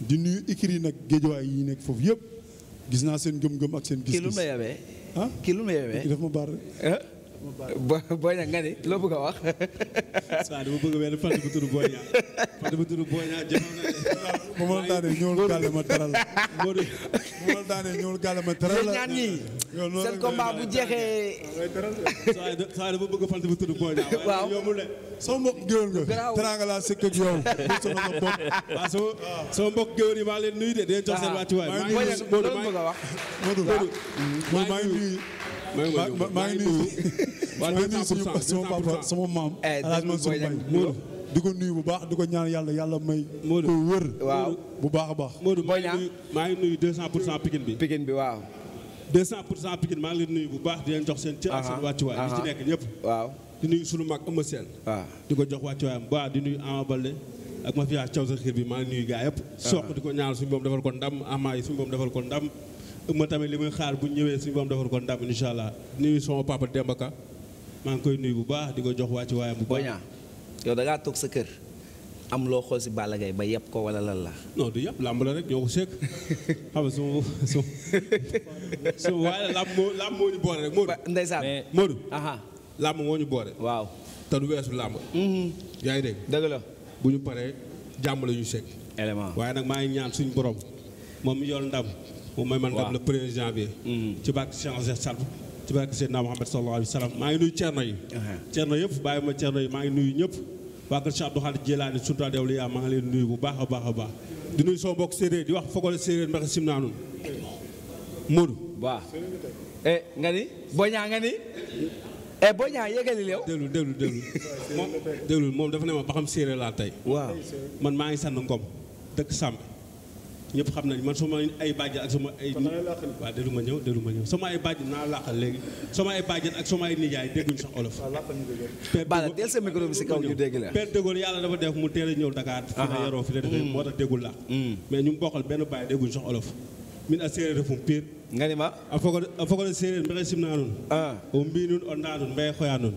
di nuyu yi nag géejawaay yi nekk foofu yëpp gis naa seen gëm-gëm ak seen. gis-gis kii lu mu la kii lu ma baar rek. bo a Niang nga ni loo bëgg a wax. saa dama bëgg benn fànn bu turu Boy Niang fànn bu turu Boy Niang jëloon na. bu ma la daanee ñëwul gàll ma taral la. bu ma la daanee ñëwul gàll ma taral la. ñaan ñi seen combat bu jeexee. saa dama bëgg fànn bu turu Boy Niang. waaw yombul de. sama mbokk géwél nga. teraanga laa sëkk ak yow. waaw sama yi maa leen nuyu de. dinañ jox seen wàccuwaay. maa ngi nuyu Modou maa ngi nuyu maa ngi nuyu maa ngi nuyu suñu sama papa sama maam. Eh, alaaj man suñu bay di ko nuyu bu baax di ko ñaan yàlla yàlla may. Modou ko waaw bu baax a baax. Modou maa ngi nuyu maa ngi nuyu 200 pour cent Pikine bi. Pikine bi waaw. 200 pour cent Pikine maa ngi leen nuyu bu baax di leen jox seen. cër ak seen wàccuwaay yi ci nekk ñëpp. waaw di nuyu sunu mag Eumeu Sène. di ko jox wàccuwaayam bu baax di nuyu Ama Baldé ak mafia Thiaw sa xir bi maa ngi nuyu gaa yëpp. soq di ko ñaan suñu boom defal ko ndam Ama yi suñu boom defal ko ndam ëmma tamit li muy xaar bu ñëwee suñu boom defar ko ndam incha allah nuyu sama papa Demba maa ngi koy nuy bu baax di ko jox waa waaye waayam bu baax. yow da ngaa toog sa kër am loo xool si Balla Gaye ba yeb ko wala lan la. non du yeb làmb la rek ñoo ko seq xam nga su ma su su waaye làmb moo làmb moo làmb moo ñu boole. waaw te du weesu làmb. Mm-hmm. yaa ngi dégg. dëgg la bu ñu paree jàmm la ñu waaye nag maa ngi ñaan suñu borom moom yor ndam. mu may man ndam le premier janvier mm-hmm. ci bàkk changé sal ci bàkk Seydina Muhammad sallallahu alayhi wa sallam maa ngi nuyu cerno yi cerno uh-huh. yëpp bàyyi ma cerno yi maa ngi nuyu ñëpp waa kër Cheikh Abdou Khadir Jilaani sunta dew li yaa maa ngi leen nuyu bu baax a baax a baax di nuyu sama mbokk séeréer di wax fogole séeréer mbaxe sim naa nun Modou waaw eh nga ni boñaa nga ni e eh, boñaa yégali leew déglu déglu déglu moom déglu moom dafa ne ma ba xam séeréer laa tey waaw man maa ngi sant ngom dëkk Samb ñëpp xam nañu man sama ay bàjjen ak sama ay. kon waaw déglu ma ñëw déglu ma ñëw sama ay bàjjen naa làqal léegi sama nijaay dégguñu sax olof. waaw la. a mm. mm. dégguñu sax olof. min a séeréer refum pire. nga ni ma. a fogole a fogole séeréer mbexe simna nuun o mbi nuun o ndaa nuun mbexe xoya a a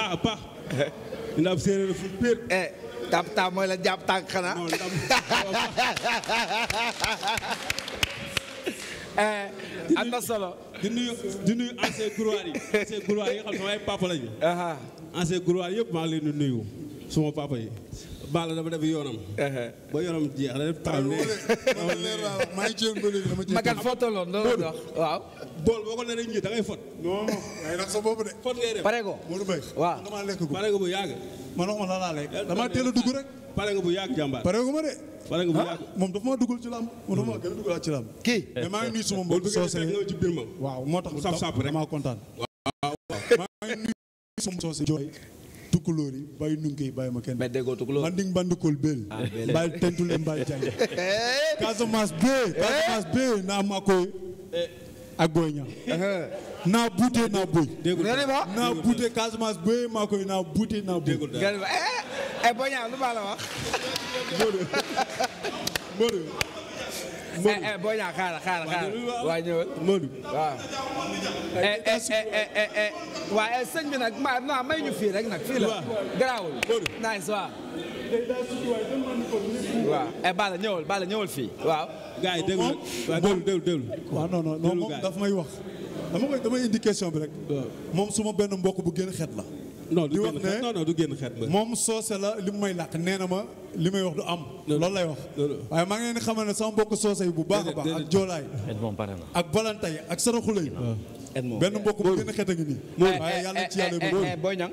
a a a a séeréer ah. mm. refum eh. pire eh. tap tap la jàpp tànk xanaa eh, am na solo di nuyu di nuyu ancien gloire yi ancien gloire yi nga yëpp maa leen nuyu suma papa yi Balla dafa def yoonam. ba yoonam jeex na taxaw maa ngi ciy yëngu dama ciy. magal foo tolloon boo ko nee rek ñu da ngay fot. non non ngay nax sa bopp de. fot ngay def pare ko. Modou Mbaye waaw lekk ko pare ko bu yàgg. ma waxuma laa laa lekk damaa teel a dugg rek. pare nga bu yàgg jàmbaar pare ko ma de. pare nga bu ah, yàgg moom dafa maa dugal ci làmb. moom dafa maa hmm. gën a dugal ci làmb. kii mais maa ngi nuyu suma mbokk soosee waaw moo tax. sap sap rek damaa kontaan. waaw waaw maa ngi nuyu suma tukulóor yi bàyyi nunke yi bàyyi ma kenn mais déggoo tukulóor man ding bee ah, eh? Casamance bee eh? naa ma eh. ak booy ña naa buutee naa boy naa buutee Casamance bee maa naa buutee naa boy ee booy ña lu baa la wax Modou eh, eh, boo ñaa xaaral xaaral xaaral waaw ñëwal Modou waaw. Eh, waaye sëñ bi nag ma non may ñu fii rek nag fii la. garaawul nice waaw. waaw Balla ñëwal Balla ñëwal fii. waa gars yi déglu waaw déglu déglu waaw may wax dama koy dama indi bi rek. moom suma benn mbokk bu gën xet la. di wax ne non du génn xet moom soose la li mu may làq nee na ma li may wax du am. loolu lay wax. waaye maa ngi leen di xamal ne sama mbokk soose yi bu baax a baax ak joolaay ak balantay ak saraxule yi benn mbokk bu génn xet a ngi nii. waaye yàlla ci yàlla yi eh, eh, eh, Boy Niang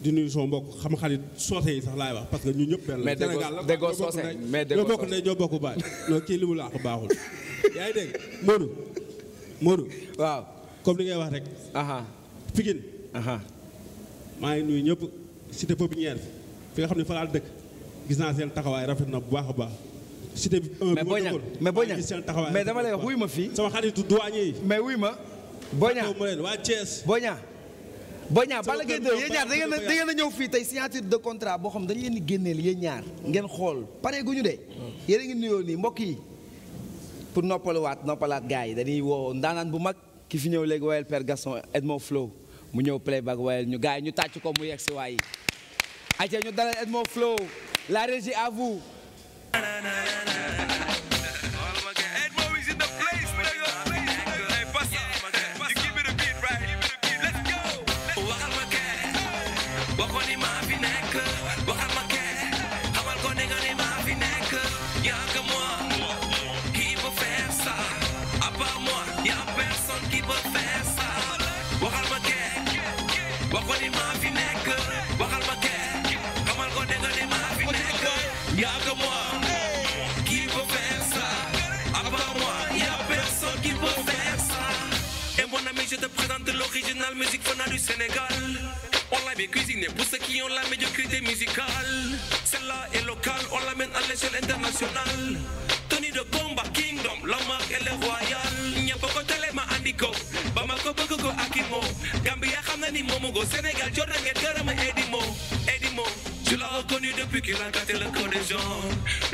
di nuyu sama mbokk xam xarit soose yi sax laay wax parce que ñun ñëpp benn la Sénégal la déggoo soose mais déggoo ñoo bokk ne ñoo bokk baay non kii li mu laax baaxul yaa ngi dégg Modou Modou waaw comme li ngay wax rek aha Pikine ngi nuyu ñëpp cité pépinière fi nga xam ne fa dëkk gis naa seen taxawaay rafet na bu baax a baax cité bi euh, mais boo mais boo ñàkk mais dama la wax wuy ma fii sama xaritu douanier yi mais wuy ma boo ñàkk waa Thiès boo ñàkk boo Niang Balla Gaye 2 yéen ñaar da ngeen a da ngeen fii tey signature de contrat boo xam dañ leen di génneel yéen ñaar ngeen xool pare ñu de hmm. yéen a ngi nuyoo nii mbokk yi pour noppaluwaat noppalaat gars yi dañuy woo ndaanaan bu mag ki fi ñëw léegi wayal Père Gaston Edmond Flow mu ñëw playback wayal ñu gars yi ñu tàcc ko mu yegg si waay yi aca ñu dalal Edmond Flow la régie à vous championnat du Sénégal. On l'avait cuisiné pour ceux qui ont la médiocrité musicale. Celle-là est locale, on l'amène à l'échelle internationale. Tony de Bomba Kingdom, la marque elle est royale. Ñëpp ko télé ma andi ko, Bamako bëgg ko akimo. xam na ni moomu ko Sénégal jot na ngeen gërëm Edimo, Edimo. Je l'ai reconnu depuis qu'il a gâté le corps des gens.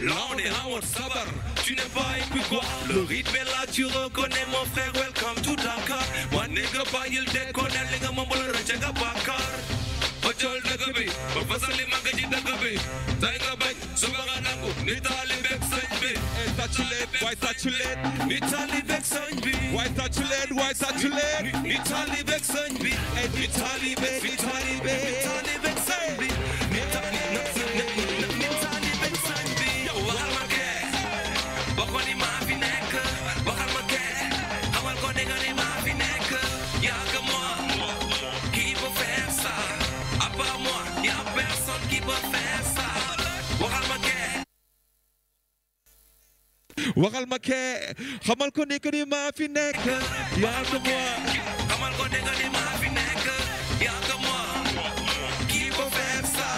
Là on est en sabar. tu ne vibes plus quoi Le rythme est là, tu reconnais mon frère, welcome to Dakar Ma nigga ba il déconne, li nga moom la rëcc nga bàkkaar ba jël dëgg bi ba fasal li màgg ji dëgg bi tey nga bañ suba nga nangu ni taali beeg sëñ bi tàccu leen waay tàccu leen ni taali beeg sëñ bi waay tàccu leen waay tàccu leen ni taali beeg sëñ bi ni taali beeg eh, ni taali beeg waxal ma kee xamal ko ne que ni maa nekk yaa ko moi ko ne que ni maa nekk yaa ko moi qui peut faire ça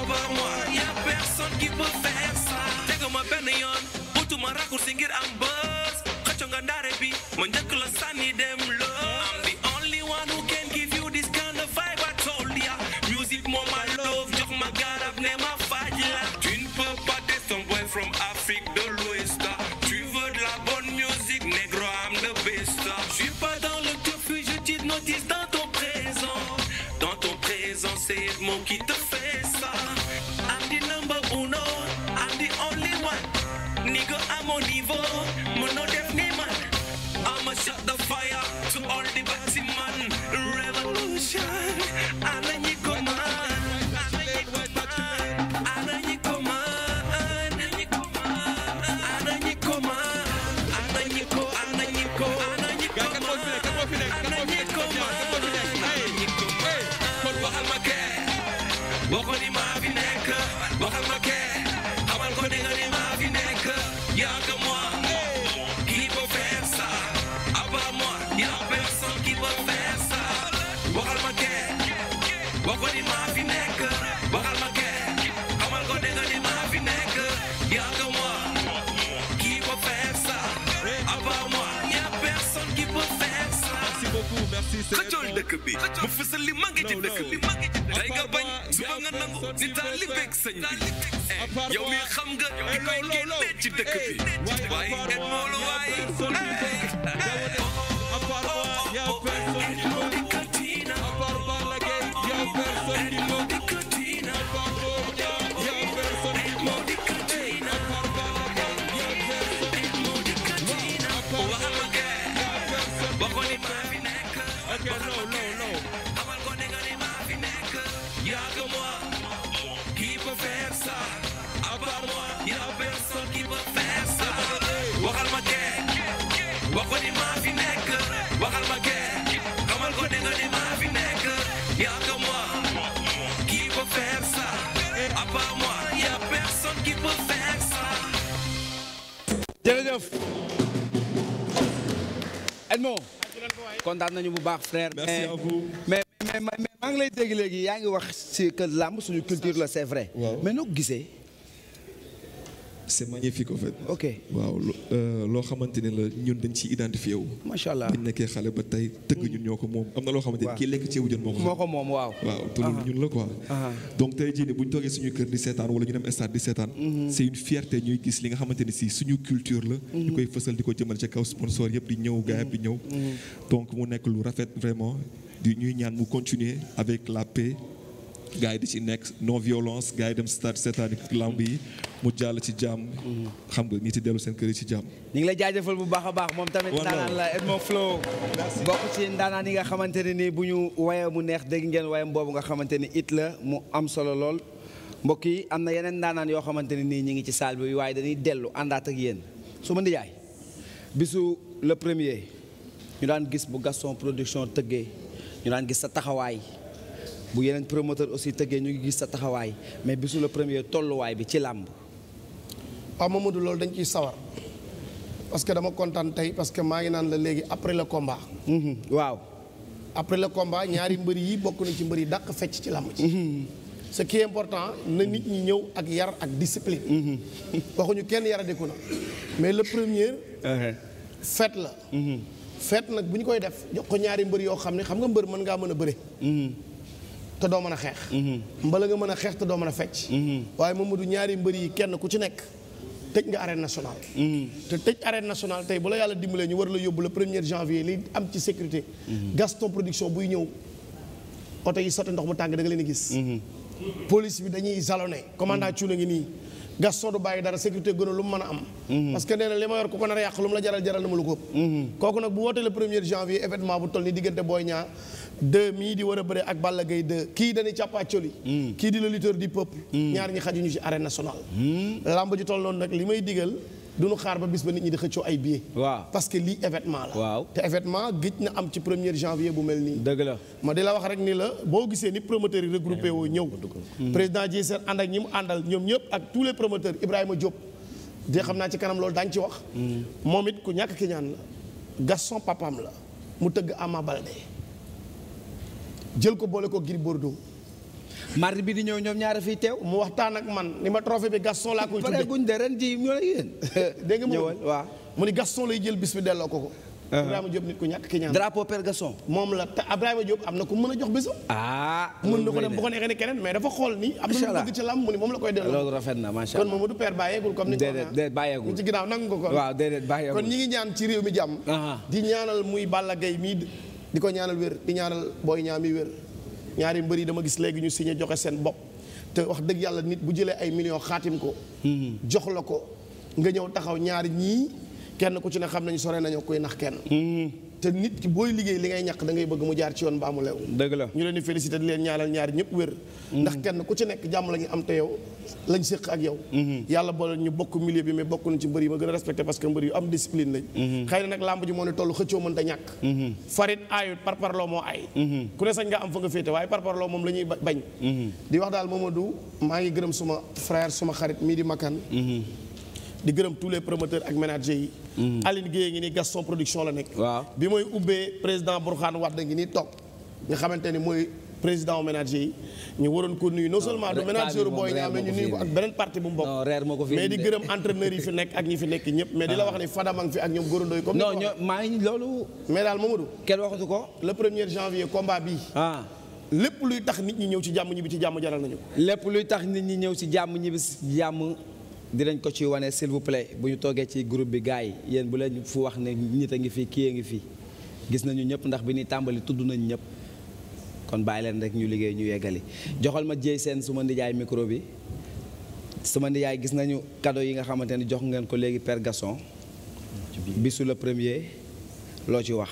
avant moi y a personne qui peut faire benn yoon utuma raccourci ngir am ba mu ah. fësal li mangi ci dëkk li mangi ci dëkk day nga bañ suba nga nangu ni taal li bëgg sëñ bi yow mi xam nga ki koy génnee ci dëkk bi waaye et moolu waa kontaan nañu bu baax frère. merci mais mais mais maa ngi lay dégg léegi yaa ngi wax ci làmb suñu culture la c'est vrai. mais noo gisee. c'est magnifique en fait. ok waaw euh, loo xamante ne la ñun dañ ciy identifié wu. macha allah biñ nekkee xale ba tey tëgg ñun ñoo ko moom am loo xamante ne kii lekk ceebu jën moo ko. moo ko moom waaw. waaw ñun la ko donc tey jii nii bu toogee suñu kër di seetaan wala ñu dem stade di seetaan. Mhm. c'est une fierté ñuy gis li nga xamante ne si suñu culture la. Mhm. ñu koy fësal di ko jëmal ca kaw sponsor yëpp di ñëw gars yëpp di ñëw. Mhm. donc mu nekk lu rafet vraiment di ñuy ñaan mu continuer avec la paix. yi di ci nekk non violence gars yi dem stade seetaan lamb yi mu jàll ci jàmm. xam nga ñi ci dellu seen kër yi ci jàmm. ñu ngi lay jaajëfal bu baax a baax moom tamit. ndaanaan la Edmo Flow. bokk ci ndaanaan yi nga xamante ne ni bu ñu woyee mu neex dégg ngeen waayam boobu nga xamante ni it la mu am solo lool. mbokk yi am na yeneen ndaanaan yoo xamante ne nii ñu ngi ci salle bi waaye dañuy dellu àndaat ak yéen su ma ndijaay bisu le premier ñu daan gis bu Gaston production tëggee ñu daan gis sa taxawaay bu yeneen promoteur aussi tëggee ñu ngi gis sa taxawaay mais bisu premier tolluwaay bi ci làmb Pape Mamadou loolu dañ ciy sawar parce que dama kontaan tey parce que maa ngi naan la léegi après le combat. Mhm, waaw. après le combat ñaari mbër yi bokk nañ ci mbër yi dàq fecc ci làmb ci mhm. ce qui important na nit ñi ñëw ak yar ak discipline. Mhm. waxuñu kenn yaradiku na mais le premier. Uh-huh. fête la. fête nag bu ñu koy def jox ko ñaari mbër yoo xam ne xam nga mbër mën ngaa mën a bëre. te doo mën a xeex. mbala nga mën a xeex te doo mën a fecc. waaye Mamadou ñaari mbër yi kenn ku ci nekk. tëj nga arène nationale. Mm-hmm. te tëj arène nationale tey bu la yàlla dimbalee ñu war la yóbbu le premier janvier li am ci sécurité. Mm-hmm. Gaston production buy ñëw oto yi sotti ndox mu tàng da nga leen di gis. Mm-hmm. police bi dañuy jalonné commandant Thioune ngi nii. Gaston du bàyyi dara sécurité gën a lu mu mën a am. parce que nee na li ma yor ku ko yàq lu mu la jaral jaral na ma lu ko. kooku nag bu wootee le premier janvier événement bu toll nii diggante Boy Niang deux mii di war a bëre ak Balla Gaye 2 kii dañuy càppaacoli hmm. kii di le lutteur di peuple hmm. ñaar ñi xajuñu ci arène nationale hmm. làmb ji toll noonu nag li may digal du ñu xaar ba bis ba nit ñi di xëccoo ay billets. waaw parce que lii événement la. waaw te événement gëj na am ci première janvier bu mel nii. dëgg la ma di la wax rek ni la boo gisee ni promoteurs yi regroupé woo ñëw. président ji seen ànd ak ñi mu àndal ñoom ñëpp ak tous les promoteurs Ibrahima Diop. de xam naa ci kanam loolu daañu ci wax. moom it ku ñàkk ki ñaan la. Gaston papam la mu tëgg Ama Baldé. jël ko boole ko Gris Bordeaux. mardi bi di ñëw ñoom ñaar fiy teew. mu waxtaan ak man ni ma trophée bi Gaston laa koy. tuddee guñ de ren jii ñoo yéen. dégg nga moom jël bis bi delloo ko ko. Uh-huh. Ibrahima ñàkk ki ñaan. drapeau père Gaston. na ku mën jox bésam. ah mën na ko dem bu ko neexee ne keneen mais dafa xool ni. am na lu nangu ko kon. waaw ngi ñaan ci réew mi jàmm. Uh-huh. di ñaanal muy Balla Gaye mii di ko ñaanal wér di ñaanal booy ñaami wér ñaari mbër yi dama gis léegi ñu signé joxe seen bopp te wax dëgg yàlla nit bu jëlee ay millions xaatim ko. Hmm. jox la ko nga ñëw taxaw ñaari ñii kenn ku ci ne xam nañu sore nañu koy nax kenn. Hmm. te nit ki booy liggéey li ngay ñàkk da bëgg mu jaar ci yoon mbaa lew dëgg la ñu leen di di leen ñaanal ñaar ñëpp wér mm-hmm. ndax kenn ku ci nekk jàmm la am te yow lañ séq ak yow mm-hmm. yàlla boole ñu bokk milieu bi mais bokk ci mbër yi ma gën a respecté parce que mbër yu am discipline lañ mm-hmm. xëy na nag làmb ji moo ne toll xëccoo mën ta ñàkk farit aayut parparloo moo aay ku ne sañ nga am fa nga féete waaye parparloo moom la bañ di wax daal di gërëm tous les promoteurs ak managers yi. Mm-hmm. Aline Guèye ngi nii Gaston production la nekk. bi mooy ubbee président Bourkhane Wade ngi nii toog nga xamante ni mooy président manager yi ñu waroon ko nuyu non seulement du manager booy ñaam mais ñu ak beneen yi fi nekk ak ñi fi nekk ñëpp mais di la ah. wax ne Fadam a ngi fi ak ñoom góorandooy comme non maa ngi loolu mais daal Mamadou kenn waxatu ko le premier janvier combat bii ah. lépp luy tax nit ñi ñëw ci jàmm ñibbi ci jàmm jaral nañu lépp luy dinañ ko ci wane s'il vous bu ñu toogee ci groupe bi gars yi yéen bu leen fu wax ne ñit a ngi fii kii a ngi fii gis nañu ñëpp ndax bi ñuy tàmbali tudd nañ ñëpp kon bàyyi leen rek ñu liggéey ñu yeggali joxal ma jéey seen suma nijaay micro bi suma nijaay gis nañu cadeau yi nga xamante ni jox ngeen ko léegi Père Gasson bisu premier loo ci wax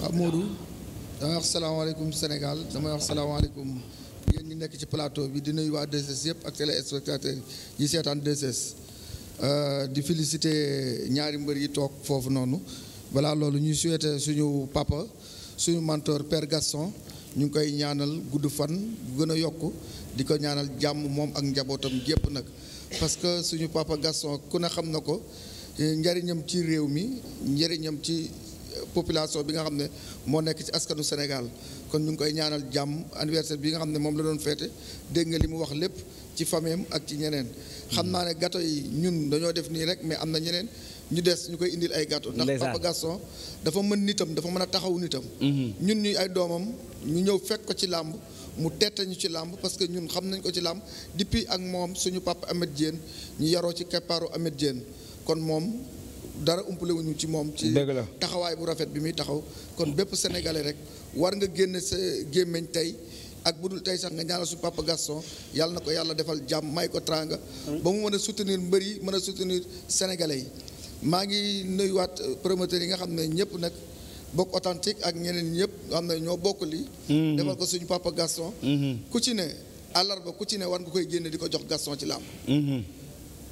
waaw Modou damay wax salaamaaleykum Sénégal damay wax salaamaaleykum nekk ci plateau bi di nuyu waa 2S yëpp ak téléspectateurs yi seetaan 2S euh, di féliciter ñaari mbër yi toog foofu noonu balaa loolu ñuy souhaiter suñu papa suñu mentor per Gaston ñu ngi koy ñaanal gudd fan gën a yokk di ko ñaanal jàmm moom ak njabootam gépp nag parce que suñu papa Gaston ku ne xam na ko njariñam ci réew mi njariñam ci population bi nga xam ne moo nekk ci askanu Sénégal kon ñu ngi koy ñaanal jàmm anniversaire bi nga xam ne moom la doon feete dégg li mu wax lépp ci fameem ak ci ñeneen xam naa ne gâteau yi ñun dañoo def nii rek mais am na ñeneen ñu des ñu koy indil ay gato ndax Papa Gaston dafa mën nitam dafa mën a taxaw nitam mhm. ñun ñuy ay doomam ñu ñëw fekk ko ci làmb mu tette ñu ci làmb parce que ñun xam nañ ko ci làmb depuis ak moom suñu papa Amed Dieng ñu yaroo ci keppaaru Amed Dieng kon moom dara umpale wuñu ci moom ci taxawaay bu rafet bi muy taxaw kon bépp sénégalais rek war nga génn sa gémmiñ tey ak bu dul tey sax nga ñaanal su papa Gaston yàlla na ko yàlla defal jàmm may ko tranga hmm. ba mu mën a soutenir mbër yi mën a soutenir sénégalais maa ngi nuyuwaat promoteurs yi nga xam ne ñëpp nag bokk authentique ak ñeneen ñëpp xam ne ñoo bokk li hmm. defal ko suñu papa Gaston hmm. ku ci ne àllarba ku ci ne war nga koy génne di ko jox Gaston ci làmb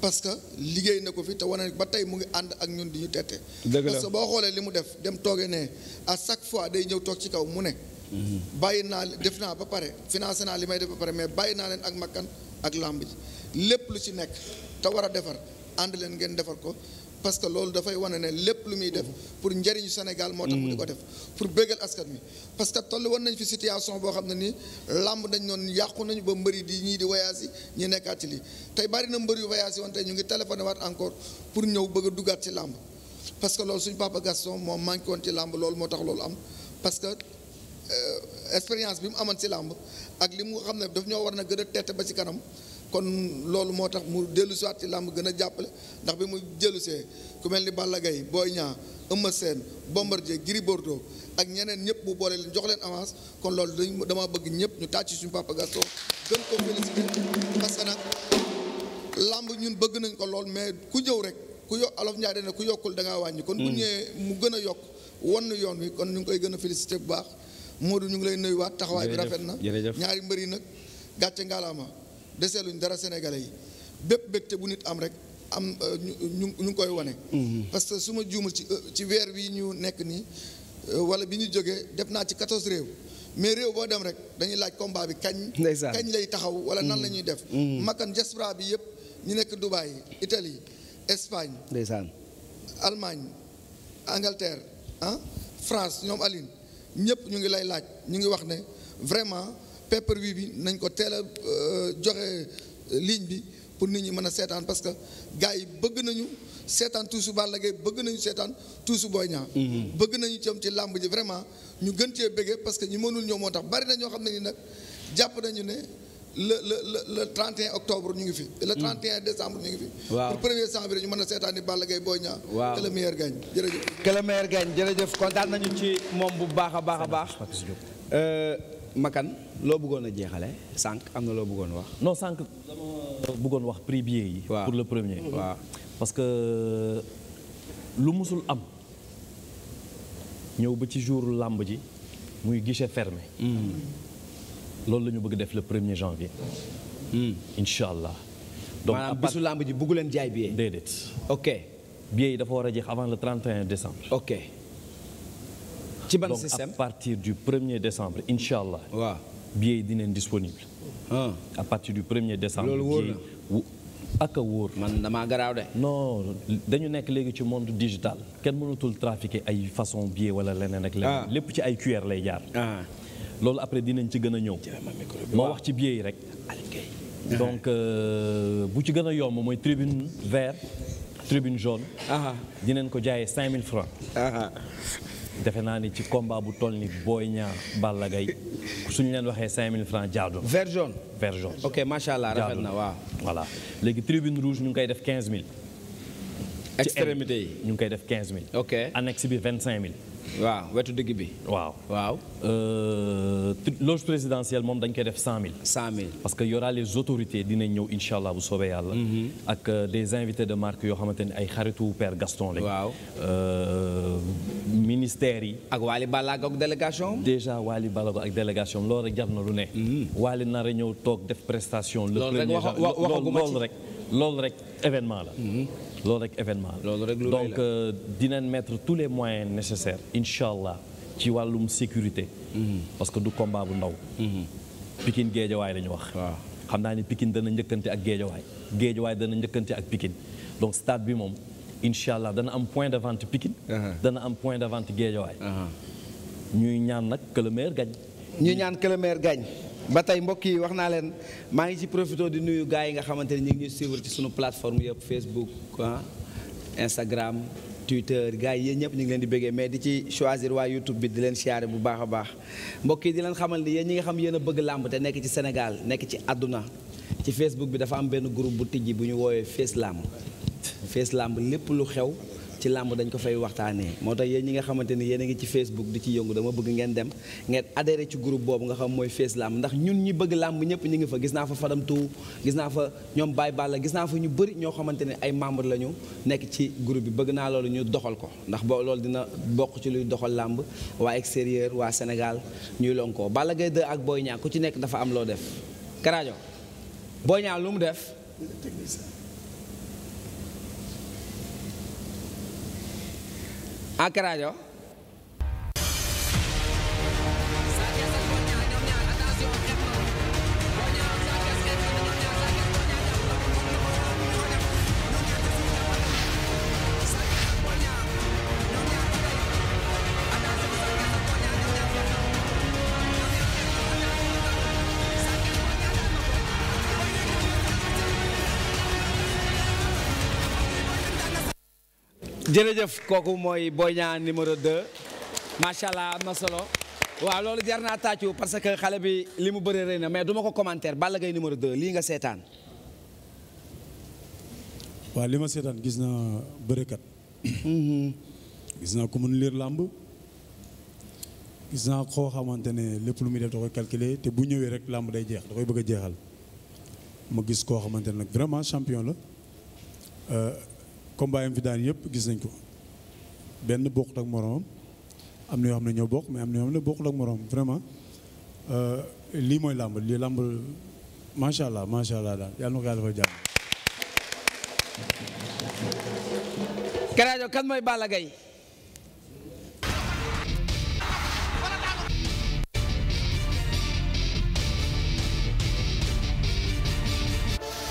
parce que liggéey na ko fii te wane ba tey mu ngi ànd ak ñun di ñu tette. dëgg la parce boo xoolee li mu def dem toogee ne à chaque fois day ñëw toog ci kaw mu ne. Mm-hmm. bàyyi naa def naa ba pare financé naa li may def ba pare mais bàyyi naa leen ak makkan ak làmb ji lépp lu ci nekk te war a defar ànd leen ngeen defar ko. parce que loolu dafay wane ne lépp lu muy def pour njëriñu Sénégal moo tax mu di ko def pour béggal askan wi parce que toll woon nañ fi situation boo xam ne nii làmb dañ noon yàqu nañu ba mbëri di ñii di voyage yi ñi nekkaat ci lii tey bari na mbër yu voyage yi woon tey ñu ngi téléphoné waat encore pour ñëw bëgg a duggaat ci làmb parce que loolu suñu papa Gaston moom manqué woon ci làmb loolu moo tax loolu am parce que euh, expérience bi mu amoon ci làmb ak li mu xam ne daf ñoo war na gën a tette ba ci kanam kon loolu moo tax mu dellu si waat ci làmb gën a jàppale ndax bi mu jëlu see ku mel ni Balla Gaye Boy Niang Eumeu Sène Bombardier Gris Bordeaux ak ñeneen ñëpp mu boole jox leen avance kon dañ dama bëgg ñëpp ñu tàcc suñu papa Gaston gën ko parce que nag làmb ñun bëgg nañ ko lool mais ku ñëw rek ku yo alof Ndiaye dana ku yokkul da ngaa wàññi kon bu mm. mu gën a yokk wann yoon wi kon ñu ngi koy gën a félicité bu baax Modou ñu ngi lay nuyuwaat taxawaay rafet na ñaari mbër nag gàcce ngaalaama deseeluñ dara sénégalais yi bépp bégte bu nit am rek am euh, ñu ñu ngi koy wane. Mm-hmm. parce que su ma ci euh, ci weer wi ñu nekk nii euh, wala bi ñu jógee def naa ci quatorze réew mais réew boo dem rek dañuy laaj combat bi kañ. kañ lay taxaw wala nan la ñuy def. Mm-hmm. makan diaspora bi yëpp ñu nekk Dubaï Italie Espagne. ndeysaan Allemagne Angleterre ah France ñoom Aline ñëpp ñu ngi lay laaj ñu ngi wax ne vraiment. pay per bi nañ ko teel a euh, joxe euh, ligne bi pour nit ñi mën a seetaan parce que gars yi bëgg nañu seetaan tuusu Balla Gaye bëgg nañu seetaan tuusu booy ñaa mm-hmm. bëgg nañu cam ci làmb ji vraiment ñu gën cee bëggee parce que ñu mënul ñëw moo tax bari na ñoo xam ne ni nag jàpp nañu ne le le le le 31 octobre ñu ngi fi. le 31 mm. décembre ñu ngi fi. waaw pour premier cent bi ñu mën a seetaani Balla Gaye Boy Niang. waaw que le meilleur gagne jërëjëf. que le meilleur gagne jërëjëf kontaan nañu ci moom bu baax a baax a baax. Euh, Makan. loo bëggoon a jeexale sànq am na loo bëggoon wax. non sànq dama bëggoon wax prix billets yi. pour le premier. waaw parce que lu musul am ñëw ba ci jour làmb ji muy gise ferme hmm. loolu lañu bëgg def le premier janvier. Hmm. incha allah. donc maanaam bisu làmb ji bëggu leen jaay billet. déedéet. ok yi dafa war a jeex avant le 31 décembre. ok. ci ban système donc partir du premier décembre incha allah. waaw. billets yi dinañ disponible. Ah. à partir du premier décembre. loolu wóor wóor. man damaa garaaw de. non dañu nekk léegi ci monde digital. kenn mënatul trafiquer ay façon billet wala leneen ak leneen. Ah. lépp ci ay QR lay jaar. Ah. loolu après dinañ ci gën a ñëw. moo wax ci billet yi rek. donc euh, bu ci gën a yomb mooy tribune vert tribune jaune. dinañ ko jaayee 5000 francs defe naa ni ci combat bu toll ni booy Niang Balla Gaye suñu leen waxee 5000 francs jaadu. vert jaune vert jaune. ok macha allah rafet na waaw. voilà léegi tribune rouge ñu ngi koy def 15000. extrémité yi ñu ngi koy def 15000. ok annexe bi 25000. waaw wetu digg bi. waaw waaw. Euh, loge présidentielle moom dañ koy def cent mille. parce que y les autorités dinañ ñëw incha allah bu soobee yàlla. Mm-hmm. ak euh, des invités de marque yoo xamante ni ay xaritu per Gaston lañ. waaw euh, ministères yi. ak Waly Balago ak délégation déjà Waly Balago ak délégation loolu rek jar na lu ne. Mm-hmm. Waly nar a ñëw toog def prestation. le premier loolu rek waxaguma ci rek. Mhm. loolu rek événement la. loolu rek événement la. loolu rek donc euh, dinañ mettre tous les moyens nécessaires incha allah ci wàllum sécurité. Mhm. parce que du combat bu ndaw. Mhm. Pikine Géejawaay la ñu wax. xam naa ni Pikine dana njëkkante ak Géejawaay Géejawaay dana njëkkante ak Pikine donc stade bi moom incha allah dana am point de vente Pikine. Uh-huh. dana am point de vente Géejawaay. Uh-huh. ñuy ñaan nag que le maire ñaan que le ba tey mbokk yi wax naa leen maa ngi ci profité di nuyu gars yi nga xamante ni ñu ngi ñuy suivre ci sunu plateforme yëpp Facebook ah Instagram Twitter gars yi yéen ñëpp ñu ngi leen di bëggee mais di ci choisir waa YouTube bi di leen siyaare bu baax a baax mbokk yi di leen xamal ni yéen ñi nga xam yéen a bëgg làmb te nekk ci senegal nekk ci àdduna ci Facebook bi dafa am benn groupe bu tijji bu ñu woowee Face Lamb Face Lamb lépp lu xew. ci làmb dañ ko fay waxtaanee moo tax yéen ñi nga xamante ni yéen a ngi ci Facebook di ci yëngu dama bëgg ngeen dem ngeen adhéré ci groupe boobu nga xam mooy Face làmb ndax ñun ñi bëgg làmb ñëpp ñu ngi fa gis naa fa Fadam Tou gis naa fa ñoom Baye Balla gis naa fa ñu bëri ñoo xamante ne ay membre lañu nekk ci groupe bi bëgg naa loolu ñu doxal ko ndax bo loolu dina bokk ci luy doxal làmb waa extérieur waa senegal ñuy lonkoo Balla Gaye 2 ak Boy Niang ku ci nekk dafa am loo def Karajo Boy en ah, jërëjëf kooku mooy Boy Niang numéro 2 macha allah am solo waaw loolu jar naa tàccu parce que xale bi li mu bëri rëy na mais duma ko commentaire Balla Gaye numéro 2 lii nga seetaan. waaw li ma seetaan gis naa bërekat. Mm-hmm. gis naa ko mun liir làmb. gis naa koo xamante ne lépp lu muy def da koy calculer te bu ñëwee rek làmb day jeex da koy bëgg a jeexal. ma gis koo xamante ne nag vraiment champion la. Euh, combat yam fi daan yëpp gis nañ ko benn bokkut ak moroomam am na yoo xam ne ñoo bokk mais am na yoo xam ne bokkut ak moroomam vraiment euh, lii mooy làmb lii làmb macha allah macha allah daal yàlla na ko yàlla dafa jàmm. Garaajo kan mooy Balla Gaye.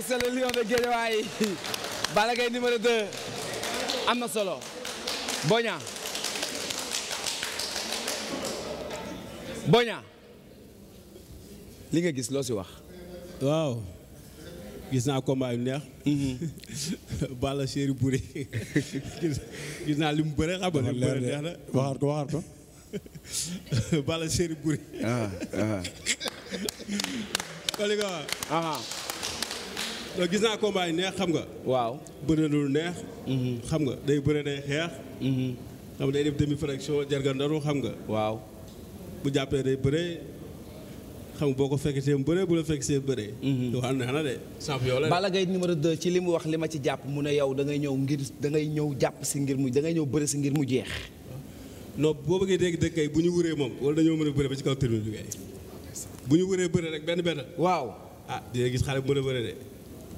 c'est Balla Gaye numéro 2 am na solo Boña Boña li nga gis loo si wax. waaw gis naa combat yu neex. Mhm. Balla chéri gis naa li mu bëre xam nga li mu bëre neex ko waxaat ko. Balla chéri Boury. ah ah. gis naa combat yi neex xam nga. waaw bëre lu neex. Mhm. xam nga day bëre day xeex. Mhm. xam nga day def xam nga. waaw bu jàppee day bëre xam nga ko fekk seen bëree bu la fekk seen bëree. yoo mhm. xam ne xanaa de champion la. ñu Gaye numéro 2 ci li mu wax li ma ci jàpp mu ne yow dangay ñëw ngir dangay ñëw jàpp si ngir mu da ñëw bëre si ngir mu jeex. non boo bëggee dégg dëkk yi bu ñu wuree moom wala dañoo mën a bëre ba ci kaw tribune bi bu ñu wuree bëre rek benn benn. waaw ah dina gis xale bu mën a bëre de.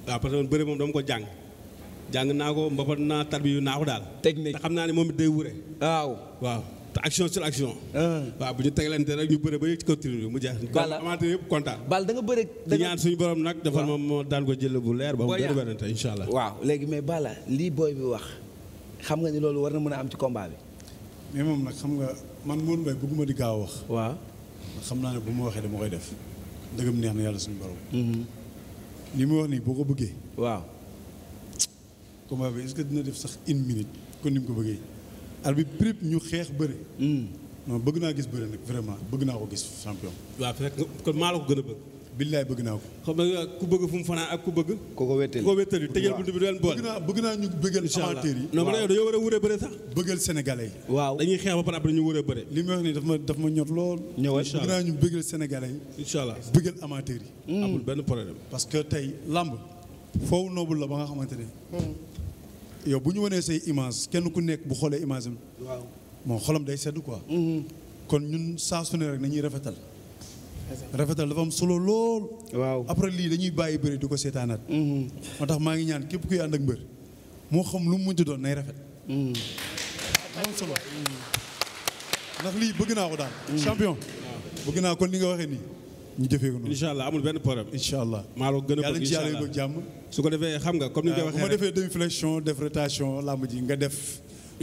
waaw parce que bëri moom dama ko jàng jàng naa ko mbapat naa tarbiyu naa ko daal. technique te xam naa ne moom it day wure. waaw waaw te action sur action. Ah. waaw bu ñu teglante rek ñu bëre ba yëg mu jeex. voilà amateur yëpp kontaan. bal da nga bëre da nga ñaan suñu borom nag. dafa moom moo daan ko jël leer. ba mu gën a werante incha allah. waaw léegi mais Balla lii booy bi wax xam nga ni loolu war na mën a am ci combat bi. mais moom nag xam nga man Mourou Mbaye bëgguma di gaaw wax. waaw xam naa ne bu mu waxee dama koy def ndëgëm neex na yàlla suñu borom mhm. lii mu wax nii boo ko bëggee. waaw. combat bi est-ce que dina def sax une minute kon ni mu ko bëggee. arbitre bi prip ñu xeex bëri. Hmm. non bëgg naa gis bëri nag vraiment bëgg naa ko gis champion. waaw fekk kon maa la ko gën a bëgg. billaay bëgg naa ko. xam nga bëgg fu mu fanaan ak ku bëgg. ku ko wéttali ku ko wéttali tëjal buntu bi du leen boole. bëgg naa bëgg naa ñu bëggal amateur yi. non mais a wëree bëre sax. bëggal sénégalais yi. waaw dañuy li ma wax nii daf ma daf ma ñor lool. bëgg naa ñu bëggal sénégalais yi. incha hmm. benn problème. parce que tey làmb foofu noobul la ba nga xamante ne. Hmm. yow bu ñu wanee say image kenn ku nekk bu xoolee image am. waaw moom xolam day sedd quoi. Hmm. kon ñun saa su ne rek nañuy rafetal rafetal dafa am solo lool. waaw après lii dañuy bàyyi bëri du ko seetaanaat. Mm-hmm. moo tax maa ngi ñaan képp kuy ànd ak mbër moo xam lu mu munti doon nay rafet. Mm-hmm. am ndax lii bëgg naa ko daal. Mm-hmm. champion bëgg naa kon li nga waxee nii. ñu jëfee ko noonu incha allah amul benn problème. incha allah maa loo gën a bëgg incha jàmm. su ko defee xam nga comme ni nga waxee rek defee demi flexion def rotation làmb ji nga def.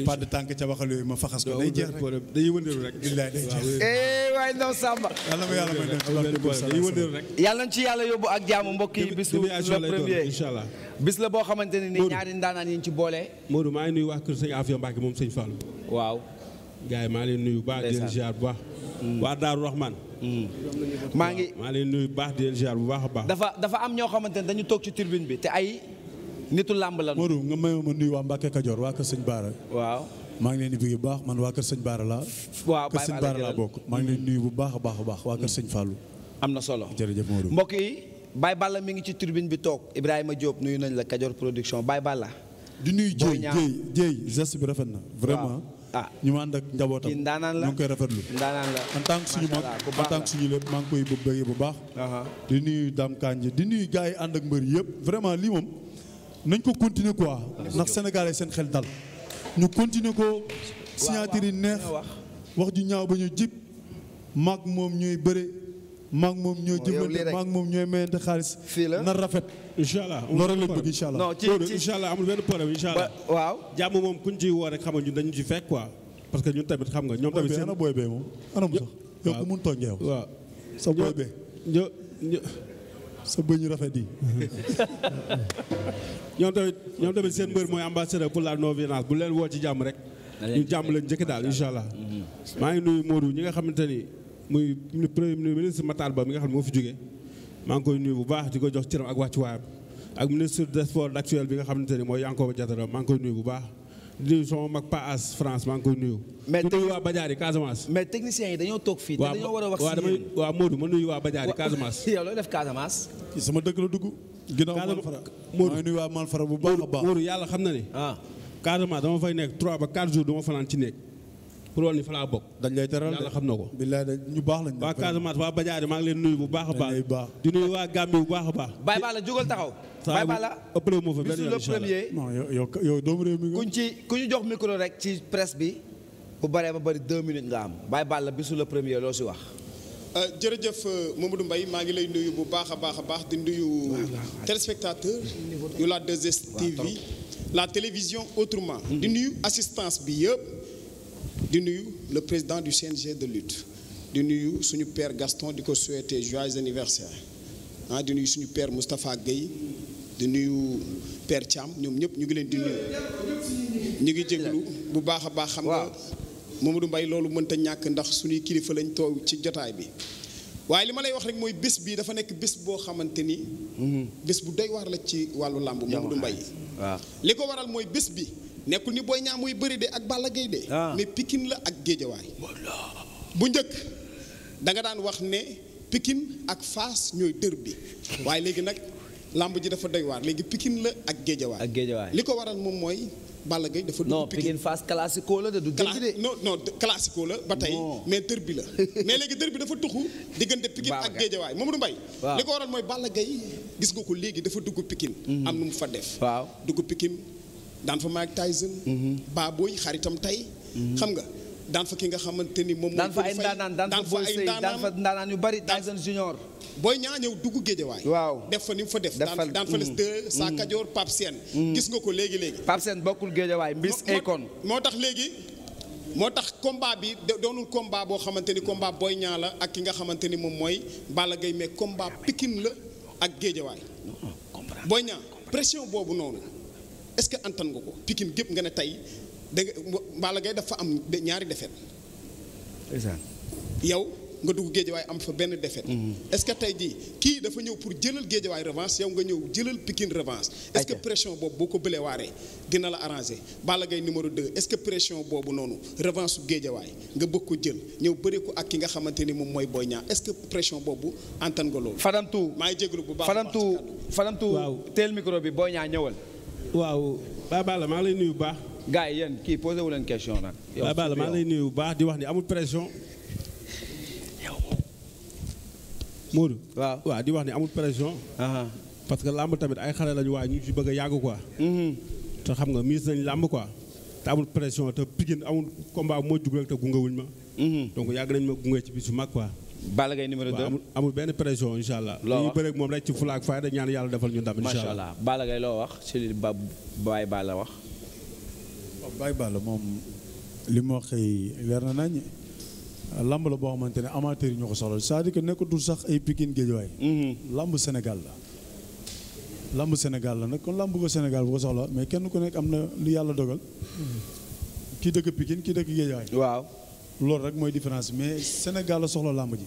pas de tànk ca waxal yooyu ma faxas ko day jeex day wëndeelu rek billaay day jeex eh waay ndaw Samba yàlla ma yàlla may day wëndeelu rek yàlla nañ ci yàlla yóbbu ak jaamu mbokk yi bisu le premier inshallah bis la boo xamante ne nii ñaari ndaanaan yi ñu ci boole Modou maa ngi nuyu waa kër sëñ Afia Mbacke moom sëñ Fallou waaw gars maa leen nuyu baax di leen bu baax mm. waa mm. baax a dafa am ñoo xamante dañu toog ci tribune bi te ay nitu làmb la. Modou nga mayoo ma nuyu waa Mbacke Kajoor waa Kër Sëñ Baara. waaw maa ngi leen di bëgg bu baax man waa Kër Sëñ Baara laa. waaw Kër Sëñ Baara maa ngi leen nuyu bu baax a baax a baax waa Kër Sëñ hmm. na solo jërëjëf Modou. mbokk yi Baye Balla mi ngi ci turbine bi toog Ibrahima Diop nuyu nañ la Kajoor production Baye Balla. di nuyu Dieye Dieye Dieye geste bi rafet na. vraiment ah ñu ma ak njabootam. ndaanaan la ñu ngi koy rafetlu. ndaanaan la en tant que suñu mag en tant que suñu lépp maa di nuyu Dame Kandji di nuyu gars yi ànd ak mbër yëpp vraiment lii moom. nañ ko continuer quoi ndax sénégalais seen xel dal ñu continuer ko signature yi neex wax ju ñaaw ba ñu jib maag moom ñuy bëre maag moom ñooy jëmante maag moom ñooy mayante xaalis na rafet incha allah loolu rek lañ bëgg incha allah non ci ci incha allah amul benn problème incha jàmm moom kuñ ciy woo rek xam nga ñun dañu ci fekk quoi parce que ñun tamit xam nga ñoom tamit seen booy bee moom anam sax yow mun tooñ sa booy bee sa bëñ rafet yi. ñoom tamit ñoom tamit seen mbër mooy ambassadeur pour la non violence bu leen woo ci jàmm rek. ñu jàmm leen njëkk daal incha allah. Mm-hmm. maa ngi nuyu Modou ñi nga xamante ni muy premier ministre Matar Ba mi nga xam ne moo fi jógee. maa ngi koy nuy bu baax di ko jox cëram ak wàccuwaayam ak ministre des sports actuel bi nga xamante ni mooy Yankhoba Diattara maa ngi koy nuyu bu baax. di sama mag Pa As France maa ngi koy nuyu. mais di nuyu waa Badiari Casamance. mais techniciens yi dañoo toog fii. dañoo war a wax si yéen waaw Modou ma nuyu waa Badiari Casamance. def Casamance. sama dëkk la dugg. ginnaaw Malfara Modou maa ngi nuyu bu baax a yàlla xam na ne. ah Casamance dama fay nekk 3 ba 4 jours dama fanaan ci nekk. pour wal ni fa laa bokk. dañ lay teral yàlla xam na ko. billaay de ñu baax lañ. waa Casamance waa Badiane maa leen nuyu bu baax a baax. di nuyu waa Gambie bu baax a baax. Baye Bala jógal taxaw. Baye Bala ëppale moo fa benn yoon incha allah premier. non yow yow rek ci presse bi. bu baree ba bari deux minutes nga am Baye Balla bisu la premier loo si wax. Euh, jërëjëf euh, moom du mbay maa ngi lay nuyu bu baax a baax a baax di nuyu téléspectateur yu la 2STV la télévision autrement mm-hmm. di nuyu assistance bi yëpp. di nuyu le président du CNG de lutte di nuyu suñu père Gaston di ko souhaiter joyeux anniversaire ah di nuyu suñu père Moustapha Guèye di nuyu père Thiam ñoom ñëpp ñu ngi leen di nuyu. ñu ngi jéglu bu baax a baax. xam nga Mamadou mbay loolu mënta ñàkk ndax suñuy kilifa lañ toog ci jotaay bi. waaye li ma lay wax rek mooy bés bii dafa nekk bés boo xamante ni. Mhm. bés bu doy waar la ci wàllu làmb mbay Mbaye li ko waral mooy bés bi. nekkul ni booy ñaam mooy bari de ak Balla Gaye de. Ah. mais Pikine la ak Géejawaay. bu njëkk da nga daan wax ne Pikine ak Fass ñooy dër bi waaye léegi nag lamb ji dafa doy waar léegi Pikine la ak Géejawaay. ak Géejawaay li ko waral moom mooy. Balla Gaye dafa dugg Pikine non Fass classico la de du dër bi de. non mais dër bi la mais léegi dër bi dafa tuxu diggante Pikine ak Géejawaay Mamadou Mbaye li ko waral mooy Balla Gaye gis nga ko léegi dafa dugg Pikine mhm. am nu mu fa def. waaw dugg Pikine daan fa Mike Tyson. Mhm. Baboy xaritam tey. Mhm. xam nga daan fa ki nga xamante ni moom. daan fa ay ndaanaan daan fa ay ndaanaan daan fa ndaanaan yu bari Tyson Junior. booy ñaa ñëw dugg géejewaay. waaw def fa ni mu def. daan daan fa les deux saa kajoor mhm. gis nga ko léegi léegi. Pape Sène bokkul géejewaay mbis Akon. moo tax léegi. moo tax combat bi doonul combat boo xamante ni combat booy ñaa la ak ki nga xamante ni moom mooy Balla Gaye mais combat Pikine la ak géejewaay. booy ñaa pression boobu noonu. est-ce que antan nga ko Pikine gépp nga ne tey da nga Balla Gaye dafa am ñaari defet yow nga dugg géejawaay am fa benn defet mm-hmm. est-ce que tey jii kii dafa ñëw pour jëlal géejawaay revanche yow nga ñëw jëlal pikin revanche est-ce pression boobu boo ko bëlee waaree dina la arrangé Balla Gaye numéro 2 est-ce que pression boobu noonu revanche su géejawaay nga bëgg ko jël ñëw bëri ko ak ki nga xamante ni moom mooy booy ñaa est-ce que pression boobu antan nga loolu fadamtu maa ngi jégalu bu baax fadamtu fadamtu micro bi Boy Niang ñëwal waaw Baba la maa lay nuyu bu baax. gars yi yéen kii posé wu leen question nag. Baba la maa lay nuyu bu baax di wax ni amul pression. Modou. waaw waaw di wax ni amul pression. parce que lamb tamit ay xale lañu waaye ñu ci bëgg a yàgg quoi. Mm-hmm. te xam nga mise nañ làmb quoi. te amul pression te Pikine amul combat moo jug rek te gungewuñ ma. Mm-hmm. donc yàgg nañ ma gunge ci bis su mag quoi. Balla Gaye numéro 2 amul benn pression incha allah. loo wax li moom rek ci fulaak fayda ñaan yàlla defal ñu ndam. incha allah macha allah Balla loo wax si ba Baye bala wax. waaw Baye Balla moom li mu wax kay leer na nañ lamb la boo xamante ne amateur yi ñoo ko soxla c'est-à-dire que nekkatul sax ay Pikine Guédiawaye. Mm-hmm. lamb Sénégal la. lamb Sénégal la nag kon lamb ko Sénégal bu ko soxla mais kenn ko nekk am na lu yàlla dogal. Mm-hmm. kii dëkk Pikine kii dëkk Guédiawaye. waaw. loolu rek mooy différence mais Sénégal la soxla làmb ji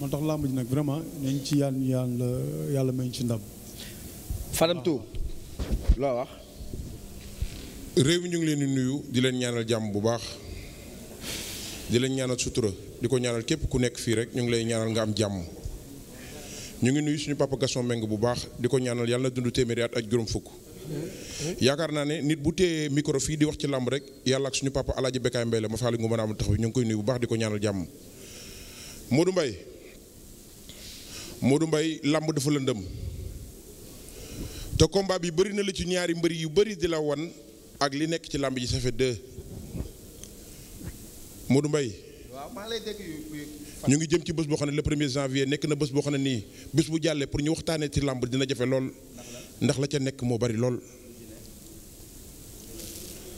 moo tax làmb ji nag vraiment nañ ci yàlla ñu la yàlla may ñu ci ndam. Fadam Tou loo wax. réew mi ñu ngi leen di nuyu di leen ñaanal jàmm bu baax di leen ñaanal sutura di ko ñaanal képp ku nekk fii rek ñu ngi lay ñaanal nga am jàmm ñu ngi nuyu suñu papa Gaston Mbengue bu baax di ko ñaanal yàlla na dund téeméeri at ak juróom fukk. yaakaar naa ne nit bu téyee micro fii di wax ci làmb rek yàlla ak suñu papa alaaji Bekkaay Mbay la ma faali ngu mën a am tax bi koy nuyu bu baax di ko ñaanal làmb dafa lëndëm te combat yi bari na la ci ñaari mbëri yu bari di la wan ak li nekk ci làmb ji ça fait deux Modou Mbaye ñu ngi jëm ci bés boo xam ne le premier janvier nekk na bés boo xam ne nii bés bu jàllee pour ñu waxtaanee ci làmb dina jafe lool ndax la ca nekk moo bari lool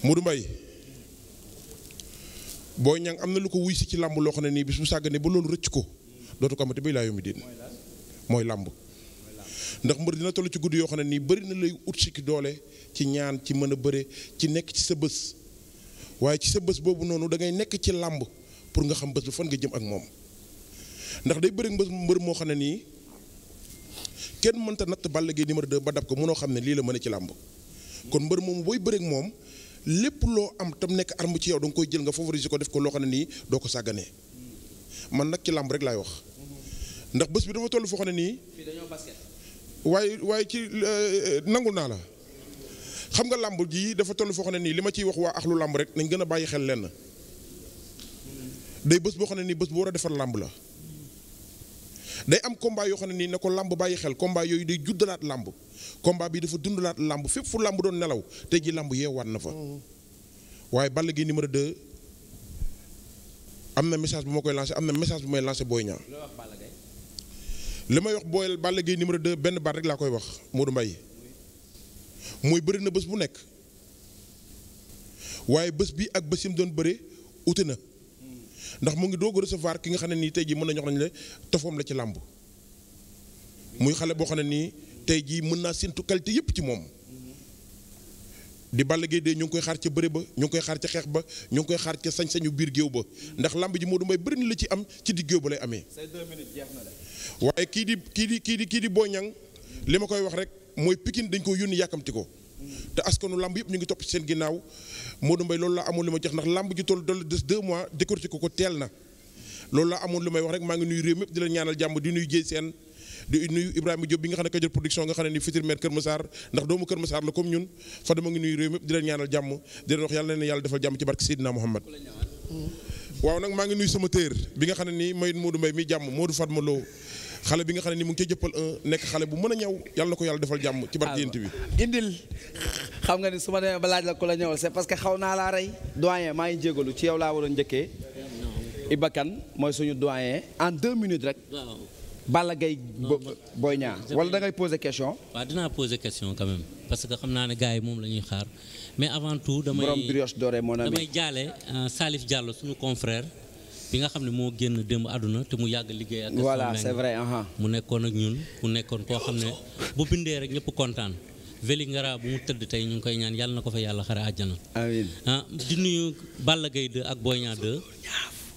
Modou mbay Boy Niang am na lu ko wuy si ci làmb loo xam ne nii bis bu sàgganee ba loolu rëcc ko dootu ko amati bay laa yombi déen mooy làmb ndax mbër dina toll ci guddi yoo xam ne nii bari na lay ut si doole ci ñaan ci mën a bëre ci nekk ci sa bës waaye ci sa bës boobu noonu da ngay nekk ci làmb pour nga xam bës bi fan nga jëm ak moom ndax day bëri mbër moo xam ne nii kenn mënta natt Balla Gaye numéro 2 ba dab ko mënoo xam ne lii la mën a ci làmb kon mbër moom booy bëreek moom lépp loo am tam nekk arme ci yow da koy jël nga favoriser ko def ko loo xam ne nii doo ko sàgganee man nag ci làmb rek laay wax ndax bés bi dafa toll foo xam ne nii. fii dañoo basket. waaye waaye ci euh, euh, nangul naa la xam nga làmb ji dafa toll foo xam ne nii li ma ciy wax waa axlu làmb rek dañ gën a bàyyi xel lenn day bés boo xam ne nii bés bu war a defar làmb la. day am combat yoo xam ne nii ne ko làmb bàyyi xel combat yooyu day juddalaat làmb combat bi dafa dundalaat làmb fépp fu làmb doon nelaw te ji làmb yeewaat na fa. waaye Balla Gaye numéro 2 na message bu koy lancé am na message bu may lancé Boy li may wax Boy Balla Gaye numéro benn baat rek laa koy wax Modou Mbaye mooy bëri na bés bu nekk waaye bës bi ak bés yi mu doon bëre uti na. ndax mu ngi doog resevoir ki nga xam ne nii tey jii mën na ñox nañ la tofoom la ci làmb muy xale boo xam ne nii tey jii mën naa séntu qualité yëpp ci moom di Balla Gaye de ñu ngi koy xaar ca bëre ba ñu ngi koy xaar ca xeex ba ñu ngi koy xaar ca sañ-sañu biir géew ba ndax làmb ji Modou Mbaye bari nii la ci am ci digg géew ba lay amee. say deux minutes waaye kii di kii di kii di kii di Boy Niang li ma koy wax rek mooy pikin dañ ko yónni yàkkamti ko. te askanu lamb yëpp ñu ngi topp ci seen ginnaaw Modou Mbaye loolu laa amoon li ma jox ndax lamb ji toll doll des deux mois décortiquer ko ko teel na loolu laa amoon li may wax rek maa ngi nuyu réew mépp di ñaanal jàmm di nuyu jéy seen di nga xam ne Kajoor production nga xam ne ni futur maire Kër Massar ndax doomu Kër Massar la comme la ñaanal jàmm di la wax yàlla na yàlla defal jàmm ci barke Seydina Muhammad waaw nag maa ngi nuyu sama téer bi nga xam ne nii mooy Modou Mbaye mi jàmm Modou Fatma Lo xale bi nga xam ne ni mu ngi ca jëppal un nekk xale bu mën a ñëw yàlla na ko yàlla defal jàmm ci barke yent bi indil xam nga ni su ma demee ba laaj la ku la ñëwal c'est parce que xaw naa laa rey doyen maa ngi jégalu ci yow laa waroon njëkkee Iba bakkan mooy suñu doyen en deux minutes rek Balla Gaye Boy Niang wala da ngay poser question waaw dinaa poser question quand même parce que xam naa ne gars yi moom la ñuy xaar mais avant tout damay damay jaale euh, Salif Diallo suñu confrère bi nga xam ne moo génn démb àdduna te mu yàgg liggéey ak. voilà c'est vrai mu nekkoon ak ñun mu nekkoon koo xam ne bu bindee rek ñëpp kontaan. Vélingara bu mu tëdd tey ñu ngi koy ñaan yàlla na ko fa yàlla xare àjjana. amiin ah di nuyu Balla Gaye ak booy Niang 2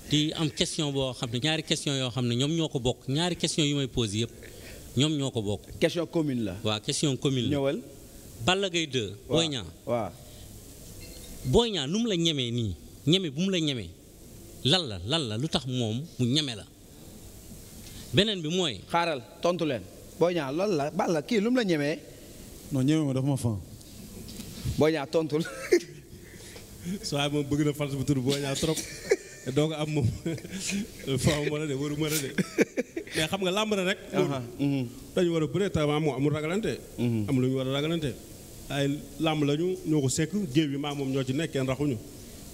di am question boo xam ne ñaari question yoo xam ne ñoom ñoo ko bokk ñaari question yu may posé yëpp ñoom ñoo ko bokk. question commune la. waaw question commune la ñëwal. Balla Gaye 2. waaw Boy Niang. waaw nu mu la ñemee nii ñeme bu mu la ñemee. lan la lan la lu tax moom mu ñeme la beneen bi mooy. xaaral tontu leen. boo ñaa loolu la Balla kii lu la ñemee. non ñeme ma dafa ma fan. booy ñaa tontul. soit moom bëgg na fans bu tur booy ñaa trop doo ko am moom faaw ma la de waru la de mais xam nga làmb na rek. Mhm. dañu war a bëree te maa moom amul ragalante. Mhm. am lu ñu war a ragalante. ay làmb lañu ñoo ko sekk géew bi maa moom ñoo ci nekk kenn raxuñu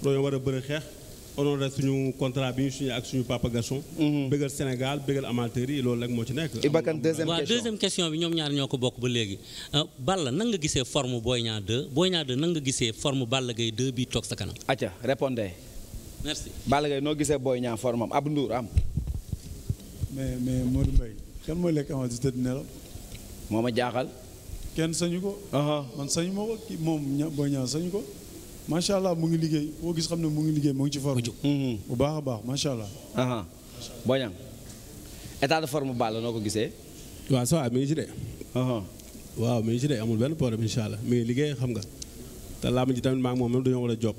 loolu war a bëri xeex. honoré suñu contrat bi ñu signé ak suñu papa Gasson. Mhm. bëggal Sénégal bëggal amateurs yi loolu rek moo ci nekk. Ibakan deuxième question waaw deuxième question bi ñoom ñaar ñoo ko bokk ba léegi. Euh, nan nga gisee forme Boy Niang 2 Boy nan nga gisee forme Balla Gaye 2 bii toog sa kanam. acca répondez. merci Balla Gaye noo gisee booy ñaa forme ab Abdou Ndour am. mais mais Modou Mbaye kan mooy lekk amal di tëdd nelaw. moo ma jaaxal. kenn sañu ko. Uh-huh. man sañu ma ko moom Boy Niang sañu ko. macha allah mu ngi liggéey boo gis xam ne mu ngi liggéey mu ngi ci forme. Mm-hmm. bu baax a baax macha allah. boo ñam état de baax la noo ko gisee. waaw ça va mi ngi ci de. waaw mu ngi ci de amul benn problème incha allah mi ngi liggéey xam nga te làmb ji tamit maa ngi ma même dañoo war a jóg.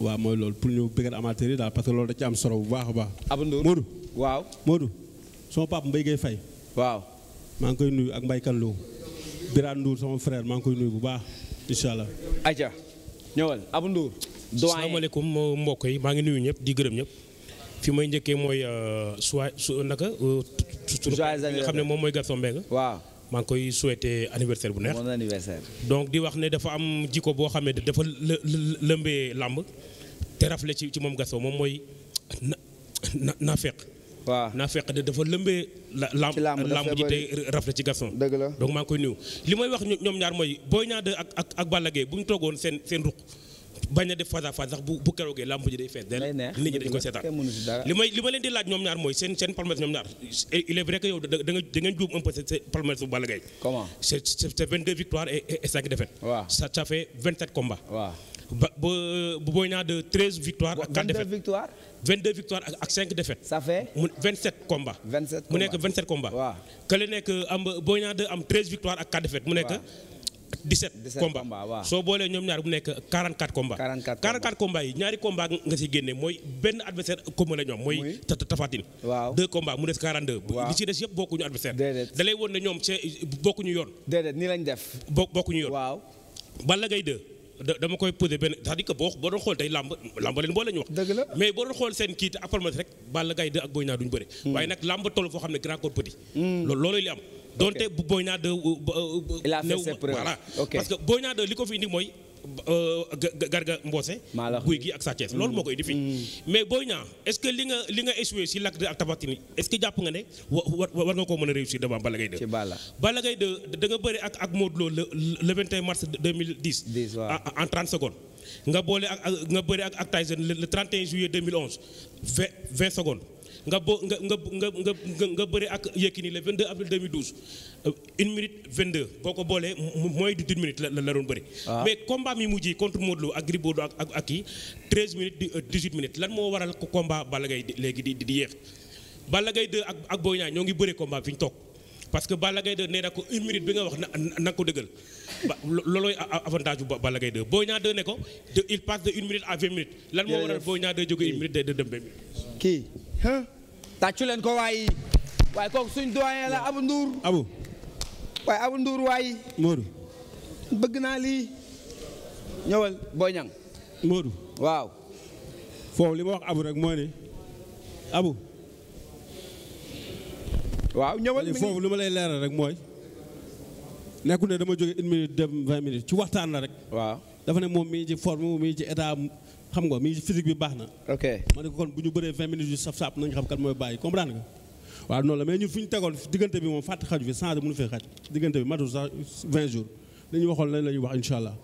waaw mooy lool pour ñu bëggal amateur yi daal parce que loolu da ci am solo bu baax a baax. Abou Ndour Modou. waaw Modou. sama papa Mbaye Gueye Faye. waaw. maa ngi koy nuyu ak Mbaye Kallou. Birane Ndour koy nuyu bu baax incha allah. ñëwal Abou Ndour. doyen asalaamaaleykum mbokk yi maa ngi nuyu ñëpp di gërëm ñëpp. fi may njëkkee mooy euh, soit su naka. Euh, su xam ne moom mooy Gaston Mbengue. waaw maa ngi koy souhaité anniversaire bu neex. bon anniversaire. donc di wax ne dafa am jikko boo xam ne dafa lë lëmbee làmb. te rafle ci ci moom Gaston moom mooy na na naafeq waaw naa fekk dafa lëmbee. lamb lamb ji tey raf la ci Gaston. donc maa koy nuyu. li may wax ñoom ñaar mooy Boy Niang 2 ak ak ak Balla Gaye seen seen ruq bañ a def face à bu keroogee lamb ji day fees del nit ñi dañ ko li may li ma leen di laaj ñoom ñaar mooy seen seen ñoom ñaar il est vrai yow da nga da juum un peu seen palmarès bu Balla Gaye. comment c'est c'est 22 victoires et et 5 défaites. waaw ça ça fait ba ba Boy Niang 2 13 22 victoires ak ak 5 défaites. ça fait mu 27 combats. 27 mu nekk 27 combats. waaw kële nekk am Boy Niang 2 am 13 victoires ak 4 défaites. mu nekk 17. 17 combats soo boolee ñoom ñaar mu nekk 44 combats. 44 combats 44 combats yi ñaari combats nga si génne mooy benn adversaire commun la ñoom. mooy Tapha Tine. waaw mu des 42. waaw li ci des yëpp bokkuñu adversaire. déedéet woon ne ñoom bokkuñu yoon. déedéet nii lañ def. bo bokkuñu yoon. waaw Balla Gaye 2. dama koy posé benn cest à boo boo doon xool tey làmb làmb leen boo la ñu wax. la mais boo doon xool seen kii te apparemment rek Balla Gaye 2 ak Boy Niang duñ bëre. Hmm. waaye nag làmb toll foo xam ne grand corps petit. Hmm. loolu loolooy li am. donte Boy Niang 2. Euh, euh, il a fait Boy Niang 2 li ko fi indi mooy. Euh, Garga Mbossé. guy gi ak Sa loolu moo koy indi fii. Mm. mais Boy Niang est-ce que li nga li nga échoué si Lac 2 ak Tapha Tine est-ce que jàpp nga ne war nga koo mën a réussir devant Balla Gaye 2. ci Balla Balla Gaye 2 da nga bëri ak ak Modou Lo le le 21 mars 2010. 10 waaw en 30 secondes. nga boole ak nga bëri ak ak Tyson le 31 juillet 2011 20 20 secondes. nga bo nga nga nga nga bëri ak Yékini le 22 avril 2012 euh, une minute 22 boo ko boolee moins de 10 minutes la la doon bëri. Ah. mais combat mi mujj contre Modou Lo ak Gris Bordeaux ak ak kii 13 minutes 18 euh, minutes lan moo waral ko combat Balla Gaye léegi di di yéex. Balla Gaye 2 ak ak Boy Niang ñoo ngi bëri combat fi ñu toog parce que Balla Gaye 2 nee na ko une minute bi nga wax na nga ko dëggal loolooy avantage bu Balla Gaye 2 Boy Niang 2 ne ko il passe de une minute à 20 minutes lan moo waral Boy Niang 2 jógee une minute day dem benn minute. kii. tàccu leen ko waaye waaye kooku suñ doyen la Abu Ndour Abu waaye Abu Ndour waaye Modou bëgg naa lii ñëwal Boy Niang Modou waaw foofu li ma wax Abu rek moo Abu waaw ñëwal mi foofu lu ma lay leeral rek mooy nekku na dama jóge une minute dem vingt minutes ci waxtaan la rek waaw dafa ne moom mii ci forme mii ci état xam nga mi physique bi baax na. ok ma kon bu ñu bëree 20 minutes yu saf saap nañ xam kat mooy bàyyi comprendre nga. waaw noonu la mais ñu fi ñu tegoon diggante bi moom fàtt xaju fi changé mënu fee xaj diggante bi matul sax 20 jours dañuy waxoon lañ la wax incha allah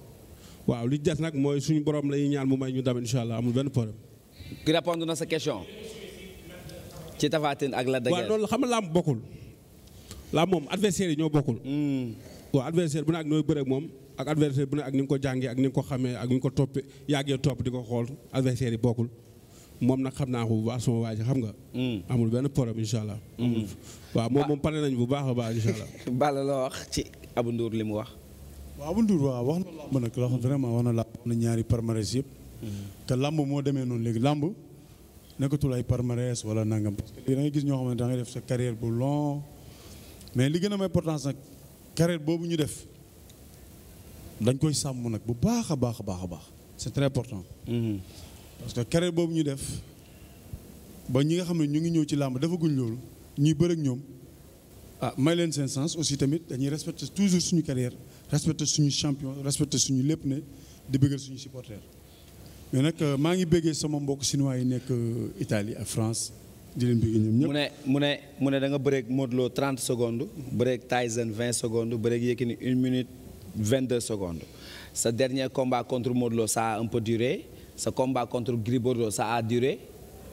waaw li des nag mooy suñu borom la ñuy ñaan mu may ñu dam incha allah amul benn problème. ki répondre na sa question. ci Tapha Tine ak la de Guiers. waaw loolu xam nga làmb bokkul. làmb moom adversaire yi ñoo bokkul. Hmm. waaw adversaire bu ne ak nooy bëree moom. ak adversaire bu ne ak ni nga ko jàngee ak ni nga ko xamee ak ni nga ko toppee yàggee topp di ko xool adversaire yi bokkul moom nag xam naa ko bu baax sama waa ji xam nga. Mm. amul benn problème incha allah. Mm. waaw moom moom pare nañ bu baax a baax incha allah. Balla la wax ci Abou Ndour li mu wax. waaw Abou Ndour waaw wax na làmb nag loo xam vraiment wax na làmb na ñaari palmarès yëpp. Mm. te làmb moo demee noonu léegi làmb nekkatul ay palmarès wala nangam. parce que gis ñoo xamante da ngay def sa carrière bu long mais li gën a am importance nag boobu ñu def. dañ koy sàmm nag bu baax a baax a baax a baax c'est très important. Mm-hmm. parce que carré boobu ñu def ba ñi nga xam ne ñu ngi ñëw ci làmb defaguñ loolu ñuy bëri ak ñoom ah leen seen sens aussi tamit dañuy respecter toujours suñu carrière respecter suñu champion respecter suñu lépp ne di bëggal suñu supporter mais nag euh, maa ngi bëggee sama mbokk chinois yi nekk euh, Italie ak France di leen bëggee ñoom ñëpp. mu ne mu ne mu ne da nga bëreeg Modou Lo 30 secondes. bëreeg Tyson 20 secondes bëreeg Yékini une minute. 22 secondes sa dernier combat contre Modou Lo ça a un peu duré sa combat contre Gris Bordeaux ça a dure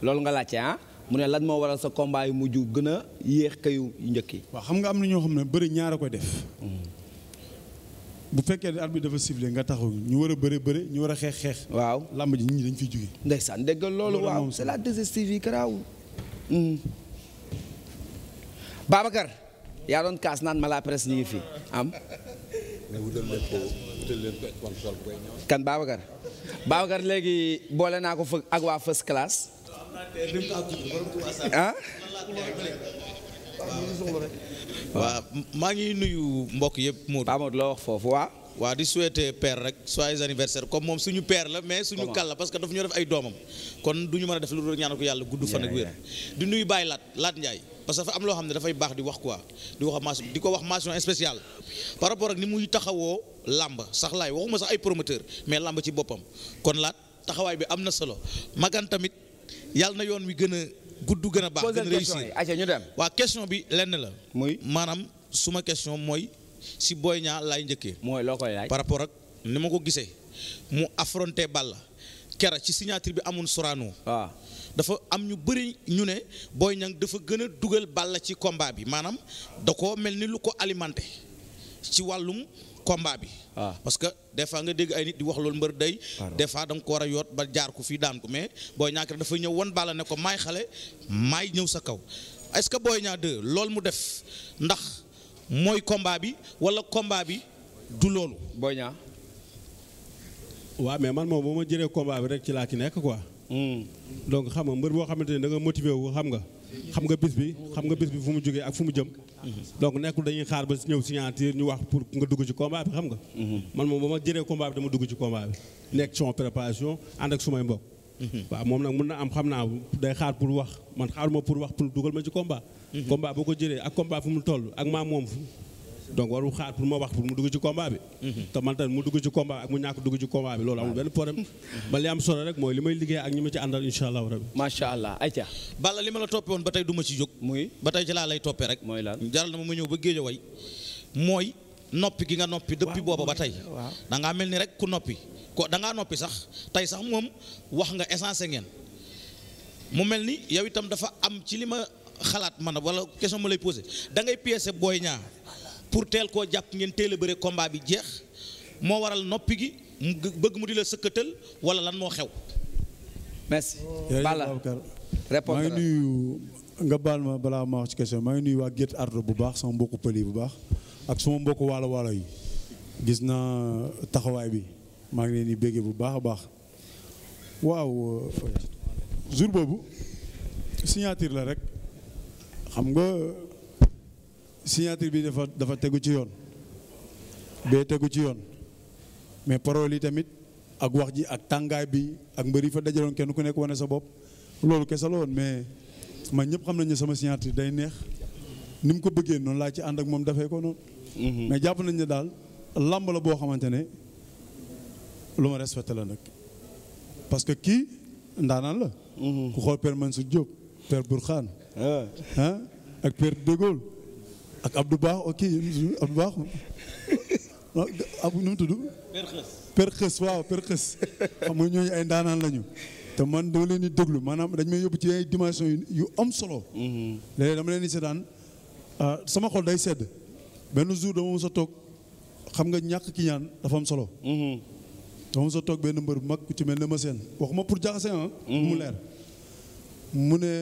loolu nga laajte ah mu ne lan moo waral sa combat yu mujj gën a yéex kayu njëkk yi. waaw xam nga am na ñoo xam ne bëri ñaar a koy def. Hmm. bu fekkee ne arbitre dafa sifflé nga taxaw ñu war a bëri bëre ñu war a xeex xeex. waaw làmb ji nit dañ fiy jóge. ndeysaan déggal loolu waaw c'est la dégestive yi garaaw. Babacar. yaa doon kaas naan ma la presse ñu ngi fi am. mais wutal leen ko léegi boole naa ko fëgg ak waa class. ah. waaw ngi nuyu mbokk yëpp Modou. Pape loo wax foofu waa waaw di souhaiter père rek joyeux anniversaire comme moom suñu per la mais suñu kal la parce que daf ñoo def ay doomam kon du ñu mën a def lu dul ñaanal ko yàlla gudd fan ak wér di nuyu Baye Laat Laat Ndiaye parce que dafa am loo xam ne dafay baax di wax quoi di wax mention di ko wax mention spéciale par rapport ak ni muy taxawoo làmb sax laay waxuma sax ay promoteur mais làmb ci boppam kon Laat taxawaay bi am na solo magan tamit yàlla na yoon wi gën a gudd gën a baax gën a réussir waa question bi lenn la muy maanaam suma question mooy si booy Niang lay njëkkee. mooy loo koy par rapport ak ni ma ko gisee mu affronté Balla kera ci signature bi amul Sorano. Ah. dafa am ñu bëri ñu ne booy Niang dafa gën a dugal Balla ci combat bi maanaam da ko mel ni lu ko alimenté ci wàllum. combat bi. Ah. parce que des fois nga dégg ay nit di wax loolu mbër day. des fois da nga ko war a yoot ba jaar ko fii daan ko mais Boy Niang dafa ñëw wan Balla ne ko maay xale maay ñëw sa kaw est-ce que Boy Niang mu def ndax. mooy combat bi wala kombaa bi du loolu. Boy Niang. waaw mais man moom bu ma jëlee combat bi rek ci laa ci nekk quoi. Hmm. donc xam nga mbër boo xamante ne da nga motivé wu xam nga. xam nga bis bi xam nga bis bi fu mu jógee ak fu mu jëm. Hmm. donc nekkul dañuy xaar ba ñëw signature ñu wax pour nga dugg ci combat bi xam nga. Hmm. man moom ba ma jëlee combat bi dama dugg ci combat bi. nekk préparation ànd ak sumay mbokk. Mhm. waaw moom nag mun na am xam naa day xaar pour wax man xaaruma pour wax pour dugal ma ci combat. Mhm. combat boo ko jëlee ak combat fu mu toll ak maa moom fu donc waru xaar ma wax pour mu dugg ci combat bi. Mhm. man tamit mu dugg ci combat ak mu ñàkk dugg ci combat bi loolu amul benn problème. ba li am solo rek mooy li may liggéey ak ñi ma ci àndal incha allah rabi. macha allah ayca. Balla li ma la toppee ba tey du ma ci jóg. muy ba tey ci laa lay toppee rek. mooy lan jaral na ma ma ñëw ba géej way mooy noppi gi nga noppi. depuis booba ba tey. da ngaa mel ni rek ku noppi. ko da ngaa noppi sax tey sax moom wax nga essence ngeen mu mel ni yow itam dafa am ci li ma xalaat man wala question ma lay posé da ngay piéger Boy pour teel koo jàpp ngeen teel a bëre combat bi jeex moo waral noppi gi mu bëgg mu di la sëkkatal wala lan moo xew. merci. Balla maa ngi nuyu nga baal ma balaa ma wax ci question maa ngi nuyu waa Gétt Ardo bu baax sama mbokku pël yi bu baax ak sama mbokk waalo waalo yi gis naa taxawaay bi. maa ngi leen di bu baax a baax waaw euh, jour boobu signature la rek xam nga signature bi dafa dafa tegu ci yoon bee tegu ci yoon mais parole yi tamit ak wax ji ak tàngaay bi ak mbëri fa dajaloon kenn ku nekk wane sa bopp loolu kese mais man ñëpp xam nañ ne sama signature day neex ni ko bëggee noonu laa ci ànd ak moom dafee ko noonu mhm. mais jàpp nañ ne daal làmb la boo xamante ne lu ma respecté la nag parce que kii ndaanaan la. Mhm. ku xool Père Mansour Diop Père Bourkhane. ah ak Père De ak Abdou Baax ok Abdou Baax ab nu mu tudd. Père Xës Père waaw Père Xës xam nga ñooñu ay ndaanaan lañu. te man dama leen di déglu maanaam dañ may yóbbu ci ay dimension yu am solo. Mhm. léeg-léeg dama leen di seetaan ah, sama xol day sedd benn jour dama mës a xam nga ñàkk ki ñaan dafa am solo. Mhm. dama sa toog benn mbër bu mag ku ci mel ne ma seen waxuma pour jaxase ah. Mhm. mu leer mu ne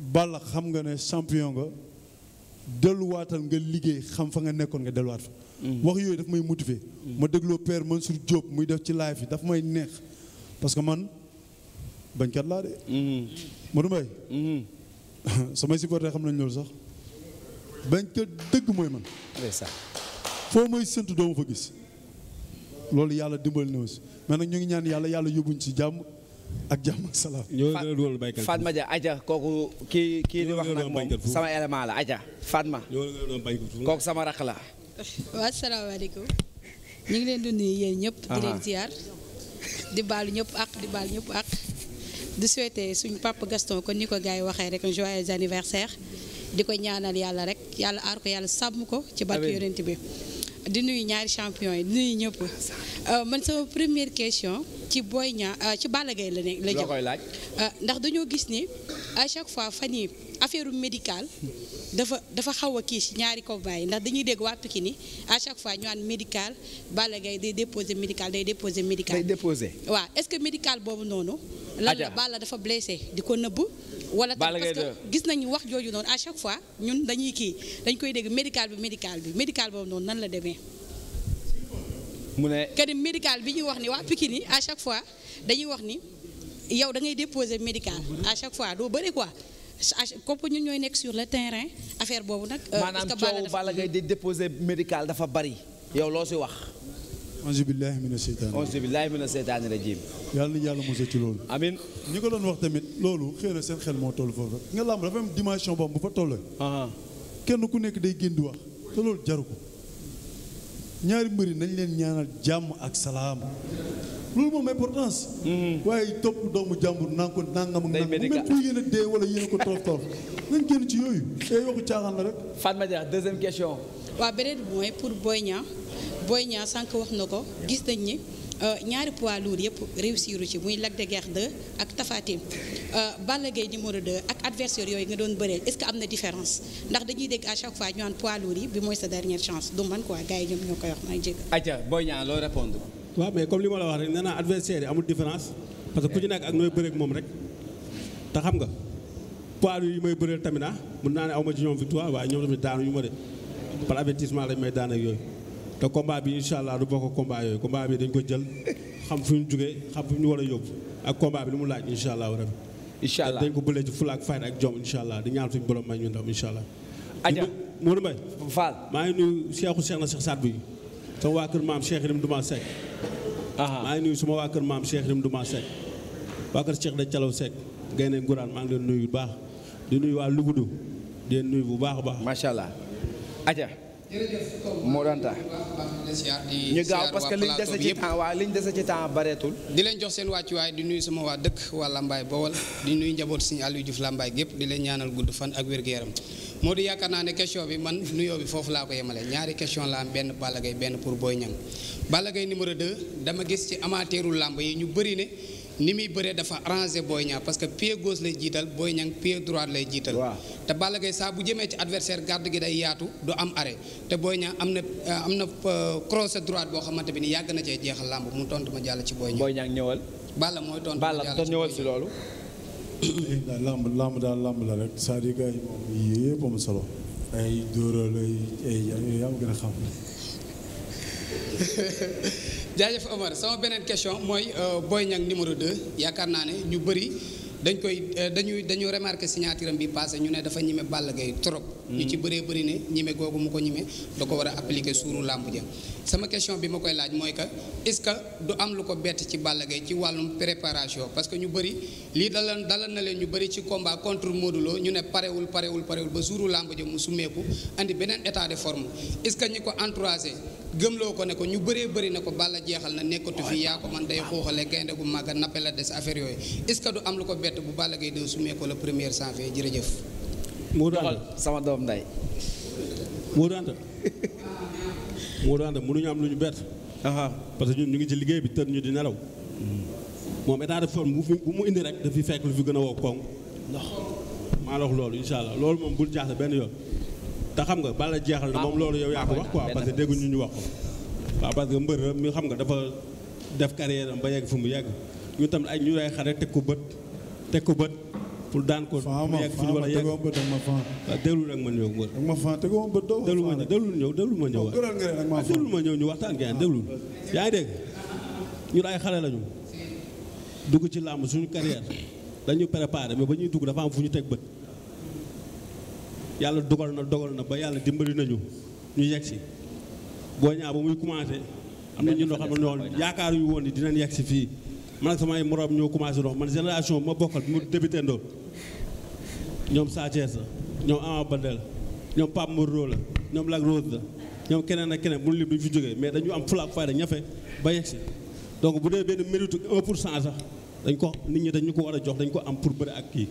Balla xam nga ne champion nga delluwaatal nga liggéey xam fa nga nekkoon nga delluwaat fa. Mhm. wax yooyu daf may motiver. Mhm. ma dégloo Père Mansour Diop muy def ci live yi dafa may neex parce que man bañkat laa de. Modou Mbaye. samay supporter xam nañ loolu sax bañkat dëgg mooy man. foo may séntu doo fa gis. loolu yàlla dimbal na aussi mais ñu ngi ñaan yàlla yàlla yóbbuñ ci jàmm ak jàmm ak salaam. ñoo gën a dugal baykat Fatma kooku kii kii ni wax nag moom sama élément la Adja Fatma. ñoo gën kooku sama rakk la. waaw salaamaaleykum. ñu ngi leen di nuyu yéen ñëpp. di leen ah. ziar. di baalu ñëpp ak di baalu ñëpp ak. di souhaiter suñu papa Gaston kon ni ko gars yi waxee rek joyeux anniversaire. di ko ñaanal yàlla rek yàlla aar ko yàlla sàmm ko ci barke yonent bi. di nuyu ñaari champion yi di nuyu ñëpp euh, man sa première question ci Boy Niang euh, ci Balla Gaye la nekk la jëm euh, ndax dañoo gis ni à chaque fois fan yi affaire médicale dafa dafa xaw a kii si ñaari combat yi ndax dañuy dégg waa Pikine à chaque fois ñu naan médical Balla Gaye day déposé médical day déposé médical. day déposé waaw est-ce que médical boobu noonu. lan la Balla dafa di ko nëbb. wala tam parce que gis wax jooju noonu à chaque fois ñun dañuy kii dañ koy dégg médical bi médical bi médical boobu noonu nan la demee. mu médical bi ñuy wax ni waa Pikine à chaque fois dañuy wax ni yow da ngay déposé médical à chaque fois doo bëri quoi. kopp ñun ñooy nekk sur le terrain affaire boobu nag. Euh, maanaam coow Balla Gaye di déposé médical dafa bari. yow loo si wax. auzu billaahi mina seytaani auzu billaahi mina seytaani rajiim. yàlla na yàlla mos ci loolu. amiin ñi ko doon wax tamit loolu xëy na seen xel moo toll foofu rek nga làmb dafa am dimension boobu bu fa toll. kenn ku nekk day génn di wax te loolu jaru ko ñaari mbëri nañ leen ñaanal jàmm ak salaam. loolu moom importance. Mm-hmm. waaye topp doomu jàmbur naa ko nangam ak nangam. même bu yéen a dee wala yéen a ko torof torof nañ génn ci yooyu. eh waxu caaxaan la rek. Fatma beneen bi mooy pour Boy Niang Boy Niang sànq wax na ko gis nañ ni euh, ñaari poids lourds yëpp réussir ci muy Lac de Guiers 2 ak Tapha Tine euh, Balla Gaye numéro ak adversaire yooyu nga doon bëreel est que am na différence ndax dañuy dégg à chaque fois ñu naan poids lourds yi bi mooy sa dernière chance du man quoi gars yi ñoom ñoo koy wax maa ngi waaw mais comme li ma la wax rek nee naa adversaire yi amul différence parce que ku ci nekk ak nooy bëreeg moom rek te xam nga poids yi may bëreel tamit ah mun naa ne aw ma ci ñoom victoire waaye ñoom tamit daanu ñu ma de par avertissement lañ may daan ak te combat bi incha allah du bokk combat yooyu combat bi dañ ko jël xam fu ñu jugee ñu war a yóbbu ak combat bi lu mu laaj incha allah rabbi incha allah ko bëlee ci fulaak fayda ak jom incha allah di ñaan suñu borom may ñu ndam incha allah. Adja Modou Mbaye Fall maa ngi nuyu Cheikhou Cheikh na Cheikh Saad bi sama waa kër maam Cheikh Ibrahima Seck Ah. maa ngi nuyu suma waa kër maam Cheikh Rim Duma Seck waa kër Cheikh da Calaw set Gaynde Nguraan maa ngi leen nuyu bu baax di nuyu waa Lugudu di nuyu bu baax baax macha allah aja moo doon tax ñu gaaw parce que liñ des ci temps waa liñ dese ci temps bareetul di leen jox seen waaye di nuyu sama waa dëkk waa Lambaay Bawol di nuyu njaboot Serigne Aliou Diouf Lambaay gépp di leen ñaanal gudd fan ak wér yaram moo di yaakaar naa ne question bi man nuyoo bi foofu laa ko yemale ñaari question la am benn Balla Gaye benn pour Boy Niang Balla Gaye numéro dama gis ci amateuru làmb yi ñu bëri ne ni muy bëree dafa arrangé booy Niang parce que pied gauche lay jiital Boy Niang pied droit lay jiital te Balla saa bu jëmee ci adversaire garde gi day yaatu du am are te Boy Niang am na euh, am na euh, crochet droit boo xamante bi ni yàgg na cee jeexal làmb mu tontu ma jàll ci Boy Niang Boy Niang ñëwal Balla mooy tontu ma jàll ci loolu daal làmb làmb daal làmb la rek c'est-à-dire que yëpp solo ay dóoral ay yaa ma gën a xam. jaajëf Omar sama beneen question mooy euh, Boy Niang numéro 2 yaakaar naa ne ñu bëri. dañ koy euh, dañuy dañu remarqué signature am bi passé ñu ne dafa ñime Balla Gaye trop. ñu ci mm. bëree bëri ne ñime googu mu ko ñime da ko war a appliquer suuru làmb ja sama question bi ma koy laaj mooy que est-ce que du am lu ko bett ci Balla Gaye ci wàllum préparation parce que ñu bëri lii dalal dalal na leen ñu bëri ci combat contre Modou ñu ne parewul parewul parewul ba suuru làmb ja mu summeeku andi beneen état de forme est-ce que ñi ko entouragé gëmloo ko ne ko ñu bëree bëri ne ko Balla jeexal na nekkatu fi yaa ko man day xooxale gaynde gu màgg nappe la des affaire yooyu est du am lu ko bett fête bu Balla Gaye 2 sumee ko le premier sans fait jërëjëf. Modou Anta sama doom nday Modou Anta Modou am lu ñu bett. parce que ñun ñu ngi ci liggéey bi tër ñu di nelaw. moom état de forme bu mu indi rek dafi fekk lu fi gën a woo koŋ. ndax maa la wax loolu incha allah loolu moom bul jaaxle benn yoon. te xam nga bala jeexal na moom loolu yow yaa ko wax parce que dégguñu ñu wax ko. waaw parce mbër mi xam nga dafa def carrière ba yegg fu mu yegg ñu tam ay ñu lay xare teg ko bët pour daan ko. faama faama tegoo bët ak ma faam. waaw ah, déglu rek ma ñëw ak ma faam tegoo ma ñëw déglu ah, ma ñëw ñu waxtaan ngeen déglu yaa ngi dégg ñun xale lañu dugg ci làmb suñu carrière dañu préparé mais ba ñuy dugg dafa am fu ñu teg bët yàlla dogal na dogal na ba yàlla dimbali nañu ñu yegg si boo ñaa ba muy commencé am na ñu loo xam ne yaakaar yu woon ni dinañ yegg si fii man ak sama ay morom ñoo commencé dox man génération ma bokkal bi mu débuté ndool ñoom Sa Thiès la ñoom Ama Baldé la ñoom Pape Mor la ñoom Lac Rose la ñoom keneen ak keneen bu ñu lim fi jógee mais dañu am fula fayda ñafe ba yegsi donc bu dee benn mérite pour cent sax dañ ko nit ñi dañu ko war a jox dañ ko am pour bëri ak kii.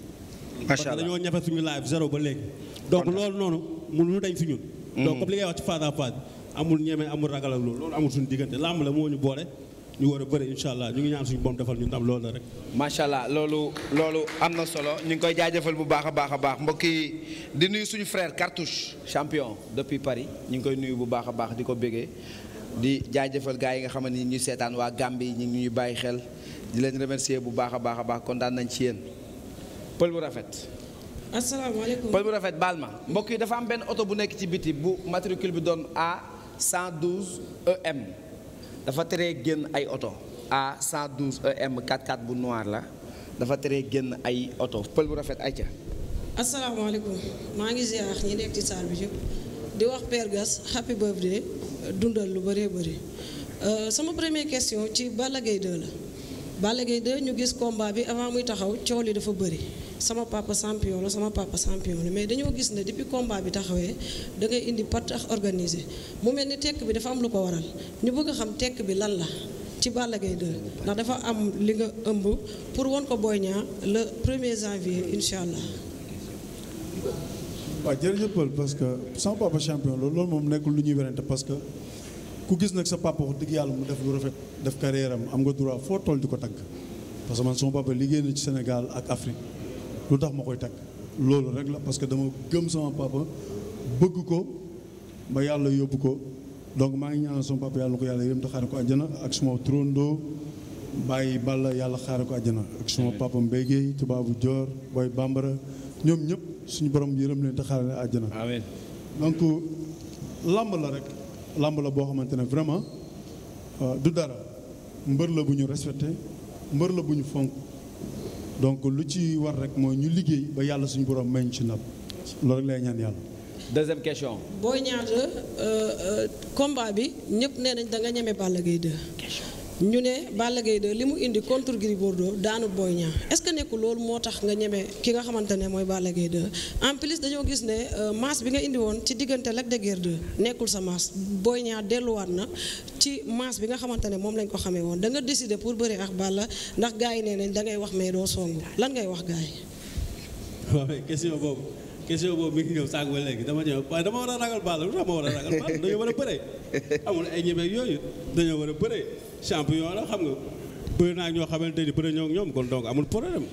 macha allah parce que ñafe suñu live zéro ba léegi. donc loolu noonu mënuñu dañ fi ñun. Hmm. donc comme li ngay wax ci face à face amul ñeme amul ragal ak loolu amul suñu diggante làmb la moo ñu boole. ñu war a bëri incha allah ñu ngi ñaan suñu boom defal ñu ndam loolu rek. macha allah loolu loolu am na solo ñu ngi koy jaajëfal bu baax a baax a baax mbokk yi di nuyu suñu frère Cartouche champion depuis Paris ñu ngi koy nuyu bu baax a baax di ko bégee di jaajëfal gars yi nga xaman ne ñu seetaan waa Gambie ñu ngi ñuy bàyyi xel di leen remercier bu baax a baax a baax kontaan nañ ci yéen pël bu rafet. asalaamaaleykum pël bu rafet baal ma mbokk yi dafa am benn oto bu nekk ci biti bu matricule bi doon A 112 EM. dafa tere génn ay oto A 112 EM 44 bu noir la dafa teree génn ay oto pël bu rafet ay ca asalaamaaleykum maa ngi ziar ñi nekk ci saal bi yëpp di wax Père Gas happy birthday dundal lu bëree bëri euh, sama première question ci Balla Gaye 2 la Balla Gaye ñu gis combat bi avant muy taxaw coow li dafa bëri. sama papa champion la sama papa champion mais dañoo gis ne depuis combat bi taxawee da indi part ak mu mel ni tekk bi dafa am lu ko waral ñu bëgg a xam tekk bi lan la ci Balla Gaye 2 dafa am li nga ëmb pour won ko Boy Niang le premier janvier incha allah. waaw jërëjëf Paul parce que sama papa champion la loolu moom nekkul lu ñuy werante parce que ku gis nag sa papa wax dëgg yàlla mu def lu rafet def carrière am am nga droit foo toll di ko tagg parce que man sama papa liggéey na ci Sénégal ak Afrique. lu tax ma koy teg loolu rek la parce que dama gëm sama papa bëgg ko ma yàlla yóbbu ko donc maa ngi ñaanal sama papa yàlla ko yàlla yërëm te xaare ko àjjana ak suma trondo bàyyi balla yàlla xaare ko àjjana ak suma papa mbéygéey tubaabu joor booy bambara ñoom ñëpp suñu borom yërëm leen te xaare leen àjjana donc làmb la rek làmb la boo xamante ne vraiment euh, du dara mbër la bu ñu respecté mbër la bu ñu fonk donc lu ci war rek mooy ñu liggéey ba yàlla suñu borom may ñu ci ndam loolu rek lay ñaan yàlla. deuxième question. Boy Niang 2 euh, euh, combat bi ñëpp nee nañ da nga ñeme Balla Gaye 2. ñu ne Balla Gaye 2 li mu indi contre Gris Bordeaux daanu Boy Niang est-ce que nekkul loolu moo tax nga ñeme ki nga xamante ne mooy Balla Gaye 2 en plus dañoo gis ne euh, masse bi nga indi woon ci diggante Lac de Guiers 2 nekkul sa masse Boy Niang delluwaat na ci masse bi nga xamante ne moom lañ ko xamee woon da nga décider pour bëri ak Balla ndax gars yi nee nañ dangay wax may doo songu lan ngay wax gars yi. waaw mais question boobu question boobu mi ngi ñëw léegi dama ñëw waaye dama war a ragal Balla lu tax ma a ragal Balla dañoo war a bëree amul ay ñebeeg yooyu dañoo war a bëree. champion la xam nga bëri naa ñoo xamante ni bëri ñoo ñoom kon donc amul problème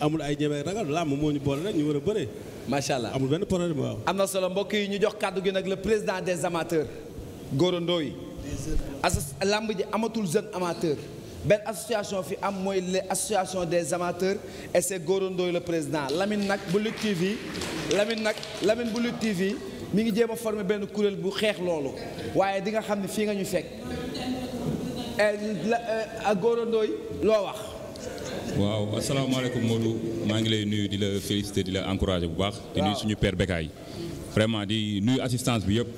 amul ay ñebe ragal làmb moo ñu boole rek ñu war a bëree. macha allah amul benn problème waaw. am na solo mbokk yi ñu jox kàddu gi nag la président des amateurs Gora Ndoye. asos làmb ji amatul jeune amateur. benn association fi am mooy les association des amateurs et c'est la président Lamine nag bu Lutte TV Lamine nag Lamine bu Lutte TV mi ngi jéem a formé benn kuréel bu xeex loolu waaye di nga xam ne fii nga ñu fekk. Eh, eh, ak Gora Ndoye loo wax. waaw asalaamaaleykum Modou maa ngi lay nuyu di la féliciter di la encourager bu baax. di nuyu suñu père Bekay. vraiment di nuyu assistance bi yëpp.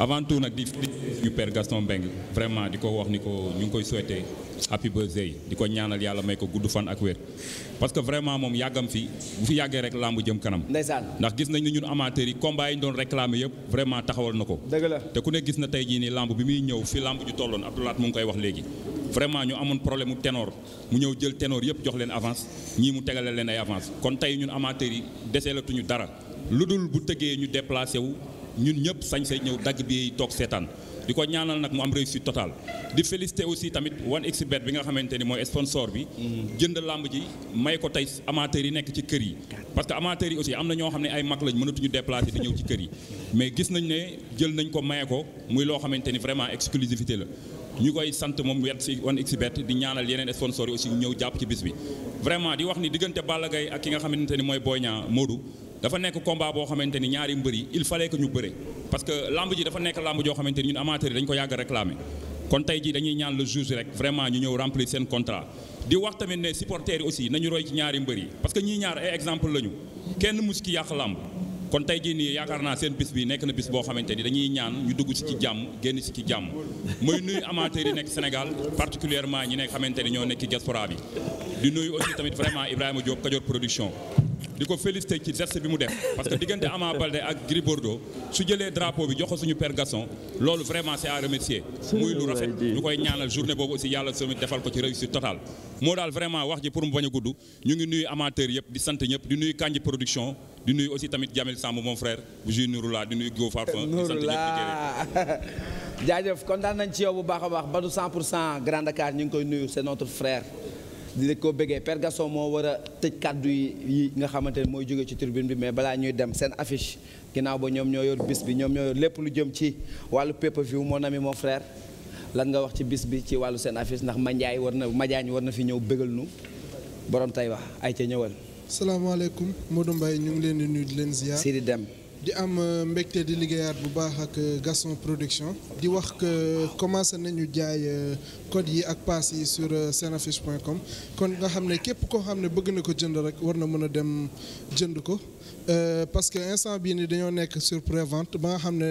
avant tout nag di féliciter suñu père Gaston Mbengue vraiment di ko wax ni ko ñu ngi koy souhaiter. happy birthday di ko ñaanal yàlla may ko gudd fan ak wér parce que vraiment moom yàggam fi bu fi yàggee rek làmb jëm kanam ndeysaan ndax gis nañ ni ñun amateurs yi combat yi ñu doon réclamer yëpp vraiment taxawal na ko te ku ne gis na tey jii nii làmb bi muy ñëw fi làmb ju tolloon Abdoulaat mu ngi koy wax léegi vraiment ñu amoon problème mu ténor mu ñëw jël ténor yëpp jox leen avance ñii mu tegale leen ay avance kon tey ñun amateurs yi deseelatuñu dara lu dul bu tëggee ñu déplacé wu ñun ñëpp sañ say ñëw dagg bi toog seetaan di ko ñaanal nag mu am réussite totale di félicité aussi tamit 1xBet bi nga xamante ni mooy sponsor bi jënd làmb ji may ko tey amateurs yi nekk ci kër yi parce que amateurs yi aussi am na ñoo xam ne ay mag lañ mënatuñu déplacer di ñëw ci kër yi mais gis nañ ne jël nañ ko maye ko muy loo xamante ni vraiment exclusivité la ñu koy sant moom wet si 1xBet di ñaanal yeneen sponsors yi aussi ñëw jàpp ci bis bi vraiment di wax ni diggante Balla ak ki nga xamante ni mooy Boy Niang dafa nekk combat boo xamante ni ñaari mbër yi il fallait que ñu bëre parce que lamb ji dafa nekk lamb joo xamante ni ñun amateurs yi dañ ko yàgg réclamer kon tey jii dañuy ñaan le juge rek vraiment ñu ñëw remplir seen contrat di wax tamit ne supporters aussi nañu roy ci ñaari mbër yi parce que ñii ñaar ay exemple lañu kenn mus ki yàq lamb kon tey jii nii yaakaar naa seen bis bi nekk na bis boo xamante ni dañuy ñaan ñu dugg si ci jàmm génn si ci jàmm muy nuyu nekk Sénégal particulièrement ñi nekk xamante ni ñoo nekk ci bi di nuy aussi tamit vraiment Ibrahima Diop Kajoor production di ko félicité ci gerte bi mu def parce que diggante Ama Baldé ak Gris Bordeaux su jëlee drapeau bi jox suñu per Gaston loolu vraiment c'est à remercier muy lu rafet ñu koy ñaanal journée boobu aussi yàlla sami defal ko ci réussite totale moo daal vraiment wax ji pour mu bañ gudd ñu ngi nuyu amateurs yëpp di sant ñëpp di nuy Kandji production di nuy aussi tamit Jamil Samb mon frère bu jui Nouroula di nuyu Go Farfa di sant ñëpp jaajëf kontaan nañ ci yow bu baax a baax Badou 100 pour cent Grand Dakar ñu ngi koy nuyu c'est notre frère di ko bëggee per Gaston moo war a tëj kàddu yi nga xamante ne mooy jóge ci tribune bi mais balaa ñuy dem seen affiche ginnaaw ba ñoom ñoo yor bis bi ñoom ñoo yor lépp lu jëm ci wàllu pay-per-view mon ami mon frère lan nga wax ci bis bi ci wàllu seen affiche ndax Mandiaye war na Mandiaye war na fi ñëw bëggal nu borom tey wax ay ca ñëwal. salaamaaleykum Modou Mbaye ñu ngi leen di nuyu di leen si di dem di am euh, mbégte di liggéeyaat bu baax ak euh, Gaston Production di wax que commencé nañu jaay euh, code yi ak pass yi sur senaffiche.com kon nga xam ne képp koo xam ne bëgg na ko jënd rek war na mën a dem jënd ko Euh, parce que instant bii nii dañoo nekk sur prévente ba nga xam ne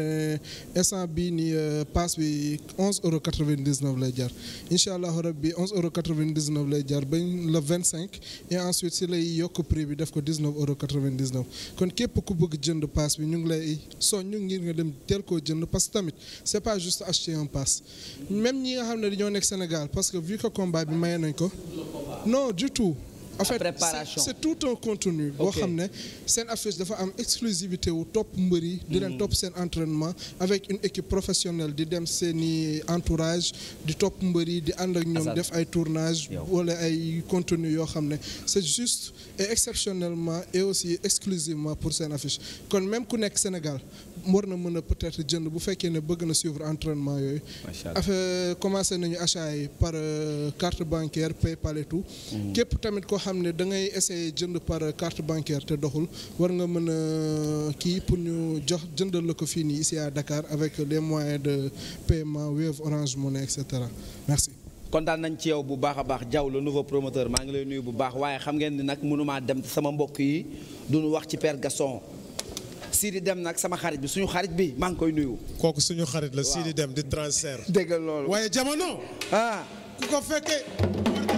instant bii nii euh, pass bi 11 euros 99 lay jar incha allahu rabbi 11 euros 99 lay jar ba le 25 et ensuite si lay yokk prix bi def ko 19 euros 99 kon képp ku bëgg jënd pass bi ñu ngi lay soññu ngir nga dem teel koo jënd parce que tamit c'est pas juste acheter un pass même ñi nga xam ne dañoo nekk Sénégal parce que vu que combat bi maye nañ ko non du tout. en fait c'est tout un continue boo xam ne seen affice dafa am exclusivité wu topp mbër yi di leen mm. topp seen entraînement avec une équipe professionnelle di dem seeni entourage di topp mbëri yi di ànd ak ñoom def ay tournage wala ay contenu yoo xam ne c'est juste et exceptionnellement et aussi exclusivement pour seen affiche kon même ku nekk Sénégal war na mën a peut-être jënd bu fekkee ne bëgg na suivre entraînement yooyu. affaire commencé nañu achat yi par euh, carte bancaire PayPal et tout. Mm. képp tamit koo xam ne da ngay jënd par euh, carte bancaire te doxul war nga mën a euh, kii pour ñu jox jëndal la ko fii nii ici à Dakar avec les moyens de paiement Wave Orange Money et cetera merci. kontaan nañ ci yow bu baax a baax Diaw le nouveau promoteur maa ngi lay nuyu bu baax waaye xam ngeen ni nag mënumaa dem sama mbokk yi duñu wax ci Père Gaston. sii di Dem nag sama xarit bi suñu xarit bi maa ngi koy nuyu. kooku suñu xarit la Sidi Dem di transfert. dégg loolu waaye jamono. ah ku ko fekkee.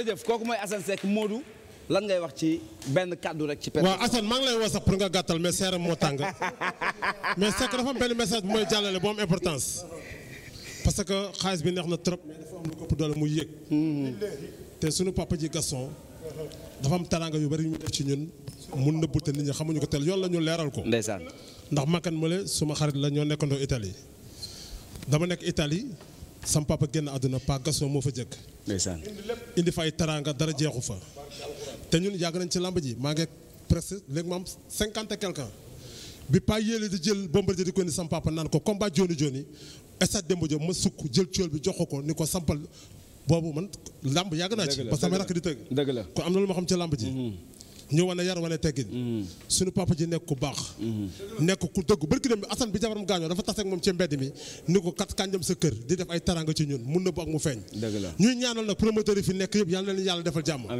jërëjëf kooku mooy Assane Seck Modou lan ngay wax ci benn kàddu rek ci. waaw Assane maa ngi lay woo sax pour nga gàttal mais seeram moo tàng mais Seck dafa am benn message bu may jàllale bu am importance parce que xaalis bi neex na trop mu dafa am lu ëpp doole muy yëg. Hmm. te sunu papa ji Gaston dafa am taranga yu bari ñu def ci ñun mu nëbbu te nit ñi xamuñu ko teel yoon la ñu leeral ko. ndeysaan ndax makan ma le suma xarit la ñoo nekkandoo Italie dama nekk Italie. sam papa génn àdduna pa Gaston moo fa jëkk ndeysaan indi fa ay teraanga dara jeexu fa te ñun yàgg nañ ci làmb ji maa ngi presque léegi ma am cinquante et bi pa yéeli di jël Bombardier di ko ni sam papa naan ko combat jooni jooni stade Demba Diop ma sukk jël ciol bi jox ko ni ko sampal boobu man làmb yàgg naa ci parce samay rakk di tëgg kon am na lu ma xam ci làmb ji mm-hmm. ñu wane yar wane teggin mm. suñu papa ji nekk ku baax mm-hmm. nekk ku dëgg bërki dem bi Assane bi jabaram gaañoo dafa tase ak moom ci mbedd mi ni ko kat kànjam sa kër di def ay taranga ci ñun mun na bu ak mu feeñ ñuy ñaanal nag promoteur yi fi nekk yëpp yàlla na leen yàlla defal jàmm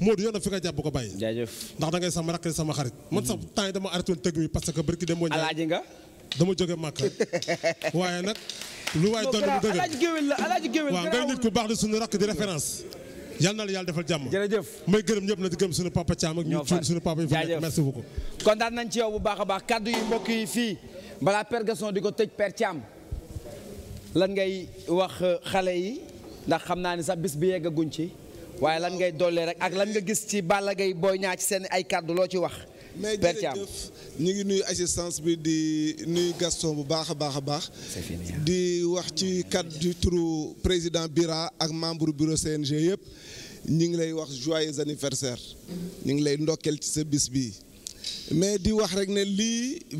Modou yoon na fi nga jàpp ko bàyyi ndax da sama rakk sama xarit mm-hmm. man sax temps yi dama arrêté tëgg mi parce que bërki dem moo alaaji dama jóge Màkka waaye nag lu waay doon mu baax di suñu rakk di yal na la yàlla defal jàmm jërëjëf may gërëm ñëpp na di gërëm suñu papa Thiam ak ñu ci suñu papa yi fa nekk kontaan nañ ci yow bu baax a baax kaddu yi mbokk yi fii balaa Père Gaston di ko tëj Père Thiam lan ngay wax euh, xale yi ndax xam naa ni sax bis bi yeggaguñ ci waaye lan ngay dolli rek ak lan nga gis ci Balla Gaye booy ñaa ci seen ay kàddu loo ci wax Père Thiam mais ñu ngi nuyu assistance bi di nuyu Gaston bu baax a baax a baax. di wax ci kàddu turu président Bira ak membre bureau CNG yëpp ñu ngi lay wax joyeux anniversaire. ñu ngi lay ndokkeel ci sa bis bi mais di wax rek ne lii.